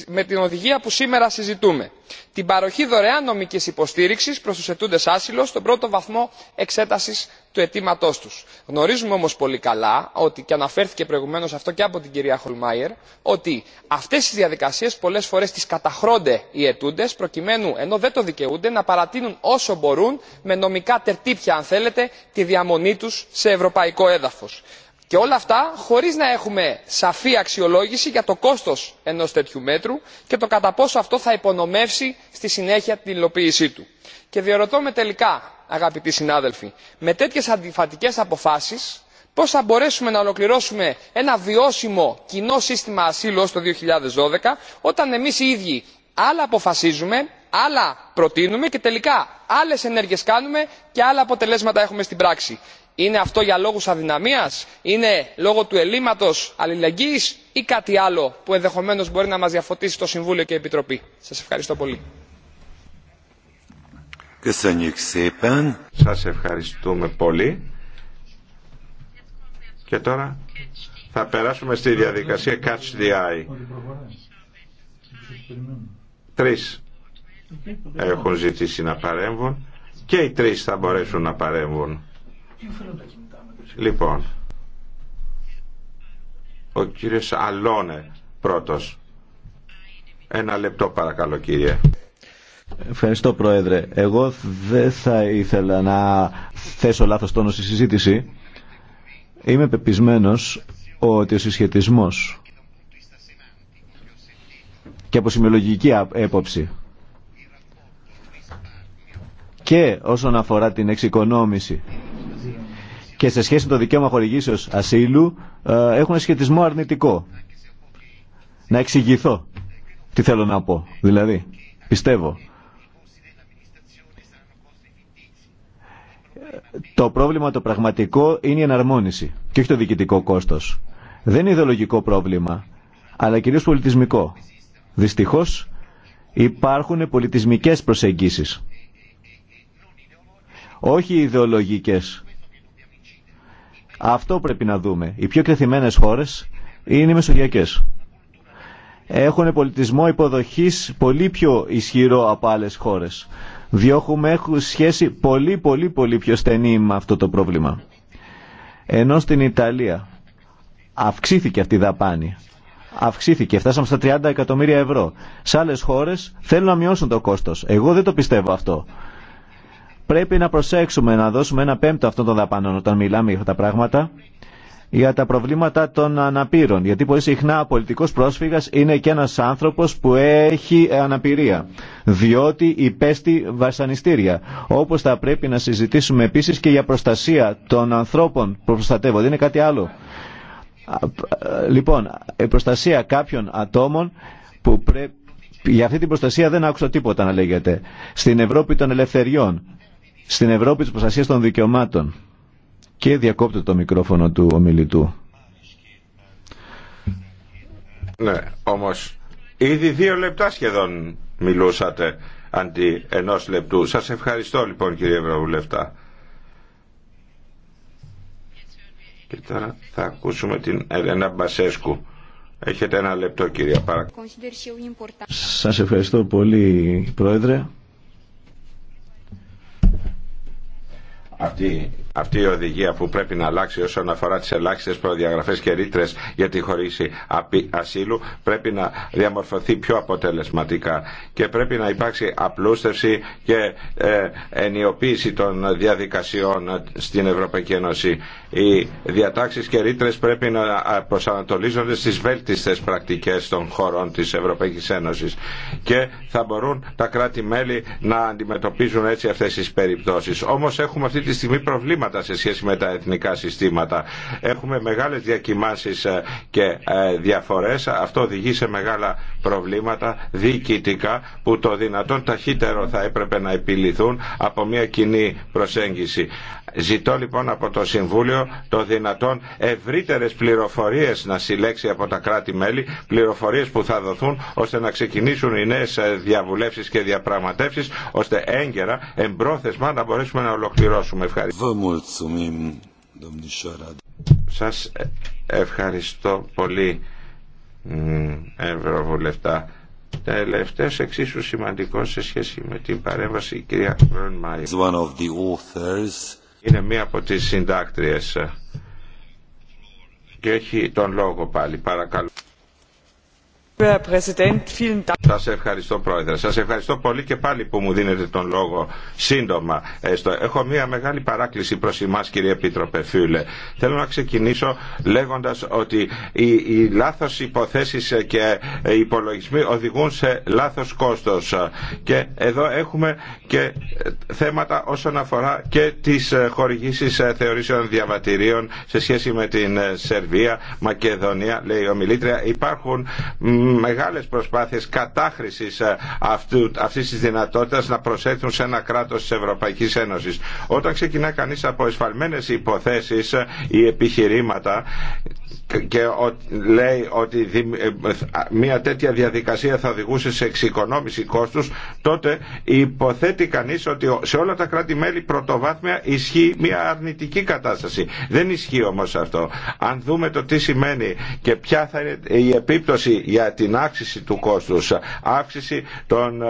με την οδηγία που σήμερα συζητούμε την παροχή δωρεάν νομικής υποστήριξης προς τους αιτούντες άσυλο στον πρώτο βαθμό εξέτασης του αιτήματός τους. γνωρίζουμε όμως πολύ καλά ότι και αναφέρθηκε προηγουμένως αυτό και από την κυρία χολμάιερ ότι αυτές τι διαδικασίες πολλές φορές τις καταχρώνται οι αιτούντες προκειμένου ενώ δεν το δικαιούνται να παρατείνουν όσο μπορούν με νομικά τερτύπια αν θέλετε τη διαμονή τους σε ευρωπαϊκό έδαφος και όλα αυτά χωρίς να έχουμε σαφή αξιολόγηση για το κόστος ενός τέτοιου μέτρου και το κατά πόσο αυτό θα υπονομεύσει στη συνέχεια την υλοποίησή του. και διαρωτώ με τελικά αγαπητοί συνάδελφοι με τέτοιες αντιφατικές αποφάσεις πώς θα μπορέσουμε να ολοκληρώσουμε ένα βιώσιμο κοινό σύστημα ασύλου ως το 2012 όταν εμείς οι ίδιοι άλλα αποφασίζουμε άλλα προτείνουμε και τελικά άλλες ενέργειες κάνουμε και άλλα αποτελέσματα έχουμε στην πράξη είναι αυτό για λόγους αδυναμίας είναι λόγω του ελλείμματος αλληλεγγύης ή κάτι άλλο που ενδεχομένως μπορεί να μας διαφωτίσει το συμβούλιο και η επιτροπή. σας ευχαριστώ πολύ. Σας ευχαριστούμε πολύ. Και τώρα θα περάσουμε στη διαδικασία Catch the Eye. Τρεις έχουν ζητήσει να παρέμβουν και οι τρεις θα μπορέσουν να παρέμβουν. Λοιπόν, ο κύριος Αλώνε πρώτος. Ένα λεπτό παρακαλώ κύριε. Ευχαριστώ Πρόεδρε. Εγώ δεν θα ήθελα να θέσω λάθος τόνο στη συζήτηση. Είμαι πεπισμένος ότι ο συσχετισμός και από σημειολογική έποψη και όσον αφορά την εξοικονόμηση και σε σχέση με το δικαίωμα χορηγήσεως ασύλου ε, έχουν σχετισμό αρνητικό. Να εξηγηθώ τι θέλω να πω. Δηλαδή, πιστεύω το πρόβλημα το πραγματικό είναι η εναρμόνιση και όχι το διοικητικό κόστος. Δεν είναι ιδεολογικό πρόβλημα, αλλά κυρίως πολιτισμικό. Δυστυχώς υπάρχουν πολιτισμικές προσεγγίσεις. Όχι ιδεολογικές. Αυτό πρέπει να δούμε. Οι πιο κρεθυμένες χώρες είναι οι μεσογειακές. Έχουν πολιτισμό υποδοχής πολύ πιο ισχυρό από άλλες χώρες. Διόχουμε έχουν σχέση πολύ πολύ πολύ πιο στενή με αυτό το πρόβλημα. Ενώ στην Ιταλία αυξήθηκε αυτή η δαπάνη. Αυξήθηκε, φτάσαμε στα 30 εκατομμύρια ευρώ. Σε άλλες χώρες θέλουν να μειώσουν το κόστος. Εγώ δεν το πιστεύω αυτό. Πρέπει να προσέξουμε να δώσουμε ένα πέμπτο αυτών των δαπανών όταν μιλάμε για αυτά τα πράγματα για τα προβλήματα των αναπήρων. Γιατί πολύ συχνά ο πολιτικός πρόσφυγας είναι και ένας άνθρωπος που έχει αναπηρία. Διότι υπέστη βασανιστήρια. Όπως θα πρέπει να συζητήσουμε επίσης και για προστασία των ανθρώπων που προστατεύονται. Είναι κάτι άλλο. Λοιπόν, η προστασία κάποιων ατόμων που πρέπει... Για αυτή την προστασία δεν άκουσα τίποτα να λέγεται. Στην Ευρώπη των ελευθεριών στην Ευρώπη της προστασίας των δικαιωμάτων. Και διακόπτε το μικρόφωνο του ομιλητού. Ναι, όμως ήδη δύο λεπτά σχεδόν μιλούσατε αντί ενός λεπτού. Σας ευχαριστώ λοιπόν κύριε Ευρωβουλευτά. Και τώρα θα ακούσουμε την Ελένα Μπασέσκου. Έχετε ένα λεπτό κυρία Παρακολουθή. Σας ευχαριστώ πολύ πρόεδρε. αυτή, αυτή η οδηγία που πρέπει να αλλάξει όσον αφορά τις ελάχιστες προδιαγραφές και ρήτρες για τη χωρίση ασύλου πρέπει να διαμορφωθεί πιο αποτελεσματικά και πρέπει να υπάρξει απλούστευση και ε, ενιοποίηση των διαδικασιών στην Ευρωπαϊκή Ένωση. Οι διατάξεις και ρήτρες πρέπει να προσανατολίζονται στις βέλτιστες πρακτικές των χωρών της Ευρωπαϊκής Ένωσης και θα μπορούν τα κράτη-μέλη να αντιμετωπίζουν έτσι αυτές τις περιπτώσεις. Όμως έχουμε αυτή τη στιγμή προβλήματα σε σχέση με τα εθνικά συστήματα. Έχουμε μεγάλες διακοιμάνσεις ε, και ε, διαφορές. Αυτό οδηγεί σε μεγάλα προβλήματα διοικητικά που το δυνατόν ταχύτερο θα έπρεπε να επιληθούν από μια κοινή προσέγγιση. Ζητώ λοιπόν από το Συμβούλιο το δυνατόν ευρύτερες πληροφορίες να συλλέξει από τα κράτη-μέλη, πληροφορίες που θα δοθούν ώστε να ξεκινήσουν οι νέες ε, διαβουλεύσεις και διαπραγματεύσει, ώστε έγκαιρα, εμπρόθεσμα να μπορέσουμε να ολοκληρώσουμε. Σα Ευχαριστώ. Σας ευχαριστώ πολύ Ευρωβουλευτά. Τελευταίος εξίσου σημαντικό σε σχέση με την παρέμβαση η κυρία Βρονμάη. Είναι μία από τις συντάκτριες και έχει τον λόγο πάλι. Παρακαλώ. Σας ευχαριστώ Πρόεδρε. Σας ευχαριστώ πολύ και πάλι που μου δίνετε τον λόγο σύντομα. Έχω μια μεγάλη παράκληση προς εμάς κύριε Επίτροπε Φιούλε. Θέλω να ξεκινήσω λέγοντας ότι οι, οι λάθος υποθέσεις και οι υπολογισμοί οδηγούν σε λάθος κόστος. Και εδώ έχουμε και θέματα όσον αφορά και τις χορηγήσεις θεωρήσεων διαβατηρίων σε σχέση με την Σερβία, Μακεδονία, λέει ομιλήτρια. Υπάρχουν μεγάλες προσπάθειες κατάχρησης ε, αυτού, αυτής της δυνατότητας να προσέχουν σε ένα κράτος της Ευρωπαϊκής Ένωσης. Όταν ξεκινά κανείς από εσφαλμένες υποθέσεις ε, ή επιχειρήματα και λέει ότι ε, μια τέτοια διαδικασία θα οδηγούσε σε εξοικονόμηση κόστους τότε υποθέτει κανείς ότι σε όλα τα κράτη-μέλη πρωτοβάθμια ισχύει μια αρνητική κατάσταση. Δεν ισχύει όμως αυτό. Αν δούμε το τι σημαίνει και ποια θα είναι η επίπτωση για την αύξηση του κόστους, αύξηση των,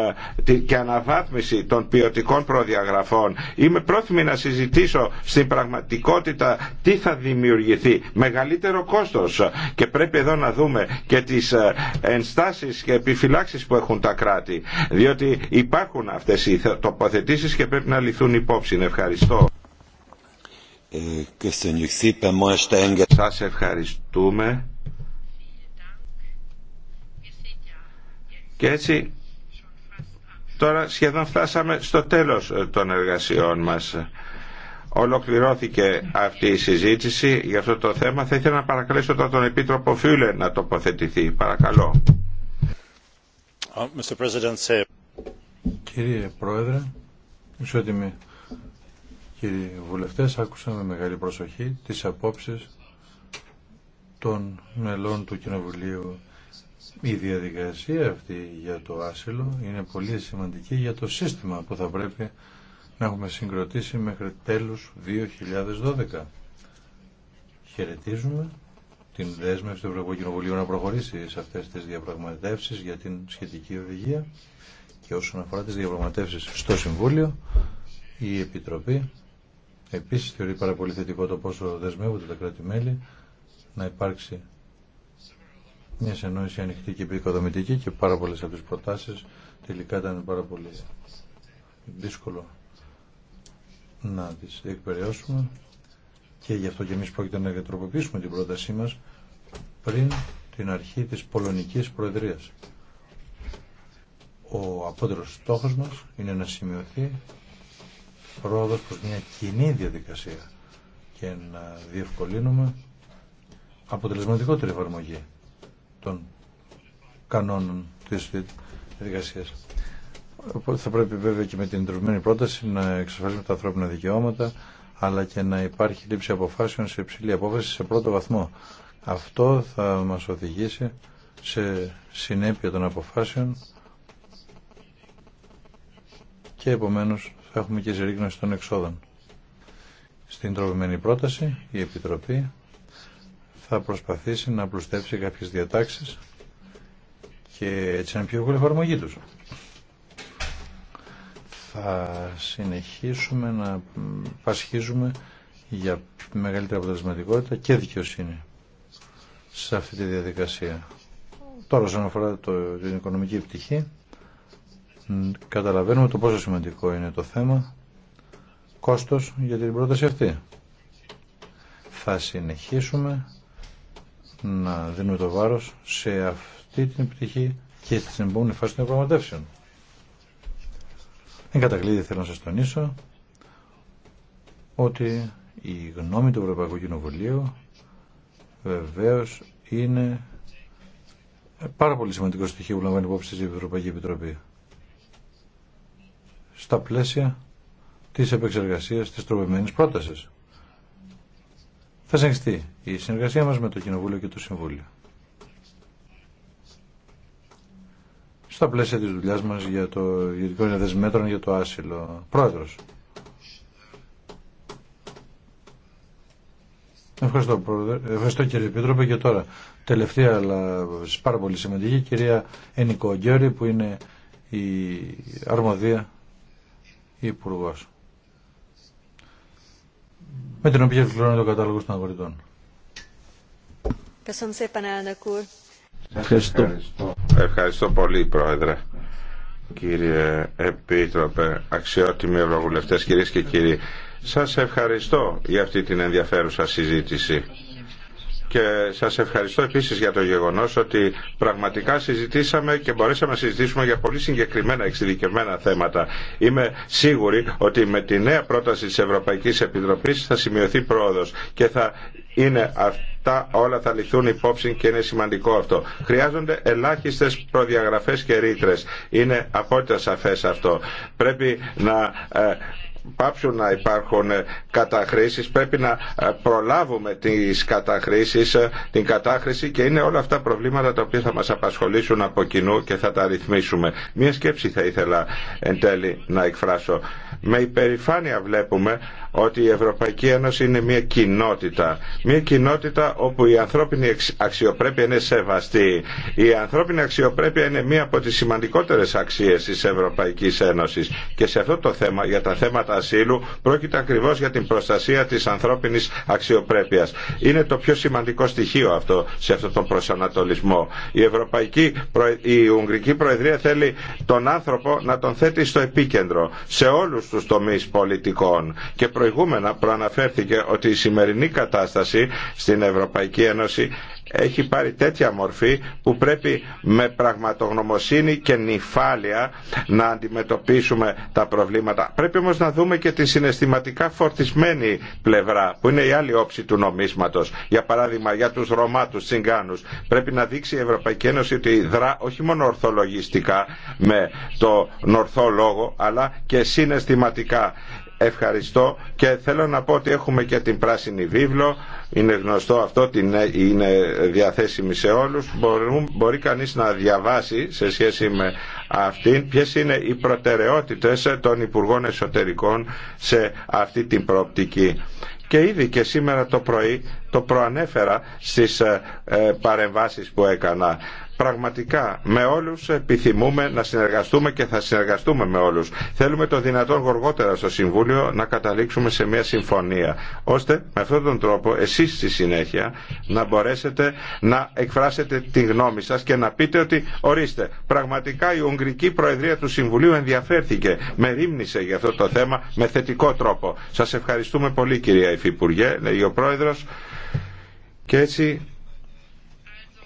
ε, και αναβάθμιση των ποιοτικών προδιαγραφών, είμαι πρόθυμη να συζητήσω στην πραγματικότητα τι θα δημιουργηθεί. Μεγαλύτερο κόστος κόστος και πρέπει εδώ να δούμε και τις ε, ενστάσεις και επιφυλάξεις που έχουν τα κράτη διότι υπάρχουν αυτές οι τοποθετήσεις και πρέπει να λυθούν υπόψη. Ευχαριστώ. Ε, Σας ευχαριστούμε. Και έτσι τώρα σχεδόν φτάσαμε στο τέλος ε, των εργασιών μας. Ολοκληρώθηκε αυτή η συζήτηση για αυτό το θέμα. Θα ήθελα να παρακαλέσω τον Επίτροπο Φιούλε να τοποθετηθεί. Παρακαλώ. Κύριε Πρόεδρε, ισότιμοι κύριοι βουλευτές, άκουσα με μεγάλη προσοχή τις απόψεις των μελών του Κοινοβουλίου. Η διαδικασία αυτή για το άσυλο είναι πολύ σημαντική για το σύστημα που θα πρέπει να έχουμε συγκροτήσει μέχρι τέλους 2012. Χαιρετίζουμε την δέσμευση του Ευρωπαϊκού Κοινοβουλίου να προχωρήσει σε αυτές τις διαπραγματεύσεις για την σχετική οδηγία και όσον αφορά τις διαπραγματεύσεις στο Συμβούλιο, η Επιτροπή επίσης θεωρεί πάρα πολύ θετικό το πόσο δεσμεύονται τα κράτη-μέλη να υπάρξει μια συνεννόηση ανοιχτή και επικοδομητική και πάρα πολλές από τις προτάσεις τελικά ήταν πάρα πολύ δύσκολο να τις εκπαιρεώσουμε και γι' αυτό και εμείς πρόκειται να διατροποποιήσουμε την πρότασή μας πριν την αρχή της Πολωνικής Προεδρίας. Ο απότερος στόχος μας είναι να σημειωθεί πρόοδος προς μια κοινή διαδικασία και να διευκολύνουμε αποτελεσματικότερη εφαρμογή των κανόνων της διαδικασίας. Οπότε θα πρέπει βέβαια και με την τροβημένη πρόταση να εξασφαλίσουμε τα ανθρώπινα δικαιώματα, αλλά και να υπάρχει λήψη αποφάσεων σε υψηλή απόφαση σε πρώτο βαθμό. Αυτό θα μας οδηγήσει σε συνέπεια των αποφάσεων και επομένως θα έχουμε και ζερίγνωση των εξόδων. Στην τροπημένη πρόταση η Επιτροπή θα προσπαθήσει να πλουστεύσει κάποιες διατάξεις και έτσι να πιο εύκολη εφαρμογή τους θα συνεχίσουμε να πασχίζουμε για μεγαλύτερη αποτελεσματικότητα και δικαιοσύνη σε αυτή τη διαδικασία. Τώρα, όσον αφορά το, την οικονομική πτυχή, καταλαβαίνουμε το πόσο σημαντικό είναι το θέμα κόστος για την πρόταση αυτή. Θα συνεχίσουμε να δίνουμε το βάρος σε αυτή την πτυχή και στην επόμενη φάση των διαπραγματεύσεων. Εν κατακλείδη θέλω να σας τονίσω ότι η γνώμη του Ευρωπαϊκού Κοινοβουλίου βεβαίως είναι πάρα πολύ σημαντικό στοιχείο που λαμβάνει υπόψη η Ευρωπαϊκή Επιτροπή στα πλαίσια της επεξεργασίας της τροπεμένης πρότασης. Θα συνεχιστεί η συνεργασία μας με το Κοινοβούλιο και το Συμβούλιο. στα πλαίσια της δουλειάς μας για το Γενικό Ενέδες για το Άσυλο. Πρόεδρος. Ευχαριστώ, πρόεδρε. Ευχαριστώ κύριε Επίτροπε και τώρα τελευταία αλλά πάρα πολύ σημαντική κυρία Ενικό Γκέρι που είναι η αρμοδία Υπουργός. Με την οποία κληρώνει το κατάλογο των αγορητών. Ευχαριστώ πολύ, Ευχαριστώ. Ευχαριστώ. πολύ, Πρόεδρε. Κύριε Επίτροπε, αξιότιμοι ευρωβουλευτές, κυρίες και κύριοι, σας ευχαριστώ για αυτή την ενδιαφέρουσα συζήτηση και σας ευχαριστώ επίσης για το γεγονός ότι πραγματικά συζητήσαμε και μπορέσαμε να συζητήσουμε για πολύ συγκεκριμένα εξειδικευμένα θέματα. Είμαι σίγουρη ότι με τη νέα πρόταση της Ευρωπαϊκής Επιτροπής θα σημειωθεί πρόοδος και θα είναι αυτή αυτά όλα θα ληφθούν υπόψη και είναι σημαντικό αυτό. Χρειάζονται ελάχιστε προδιαγραφέ και ρήτρε. Είναι απόλυτα σαφέ αυτό. Πρέπει να ε, πάψουν να υπάρχουν ε, καταχρήσεις πρέπει να ε, προλάβουμε τις καταχρήσεις την κατάχρηση και είναι όλα αυτά προβλήματα τα οποία θα μας απασχολήσουν από κοινού και θα τα ρυθμίσουμε μια σκέψη θα ήθελα εν τέλει να εκφράσω με υπερηφάνεια βλέπουμε ότι η Ευρωπαϊκή Ένωση είναι μια κοινότητα. Μια κοινότητα όπου η ανθρώπινη αξιοπρέπεια είναι σεβαστή. Η ανθρώπινη αξιοπρέπεια είναι μια από τις σημαντικότερες αξίες της Ευρωπαϊκής Ένωσης. Και σε αυτό το θέμα, για τα θέματα ασύλου, πρόκειται ακριβώς για την προστασία της ανθρώπινης αξιοπρέπειας. Είναι το πιο σημαντικό στοιχείο αυτό σε αυτόν τον προσανατολισμό. Η, Ευρωπαϊκή, η Ουγγρική Προεδρία θέλει τον άνθρωπο να τον θέτει στο επίκεντρο σε όλους τους τομείς πολιτικών προηγούμενα προαναφέρθηκε ότι η σημερινή κατάσταση στην Ευρωπαϊκή Ένωση έχει πάρει τέτοια μορφή που πρέπει με πραγματογνωμοσύνη και νυφάλια να αντιμετωπίσουμε τα προβλήματα. Πρέπει όμως να δούμε και τη συναισθηματικά φορτισμένη πλευρά που είναι η άλλη όψη του νομίσματος. Για παράδειγμα για τους Ρωμά, τους Τσιγκάνους. Πρέπει να δείξει η Ευρωπαϊκή Ένωση ότι δρά όχι μόνο ορθολογιστικά με τον νορθό λόγο αλλά και συναισθηματικά ευχαριστώ και θέλω να πω ότι έχουμε και την πράσινη βίβλο είναι γνωστό αυτό, είναι διαθέσιμη σε όλους μπορεί κανείς να διαβάσει σε σχέση με αυτήν ποιες είναι οι προτεραιότητες των Υπουργών Εσωτερικών σε αυτή την προοπτική και ήδη και σήμερα το πρωί το προανέφερα στις ε, παρεμβάσεις που έκανα πραγματικά με όλους επιθυμούμε να συνεργαστούμε και θα συνεργαστούμε με όλους. Θέλουμε το δυνατόν γοργότερα στο Συμβούλιο να καταλήξουμε σε μια συμφωνία, ώστε με αυτόν τον τρόπο εσείς στη συνέχεια να μπορέσετε να εκφράσετε τη γνώμη σας και να πείτε ότι ορίστε, πραγματικά η Ουγγρική Προεδρία του Συμβουλίου ενδιαφέρθηκε, με για αυτό το θέμα με θετικό τρόπο. Σας ευχαριστούμε πολύ κυρία Υφυπουργέ, λέει ο Πρόεδρος. Και έτσι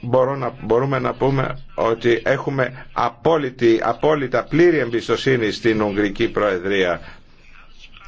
μπορώ να, μπορούμε να πούμε ότι έχουμε απόλυτη, απόλυτα πλήρη εμπιστοσύνη στην Ουγγρική Προεδρία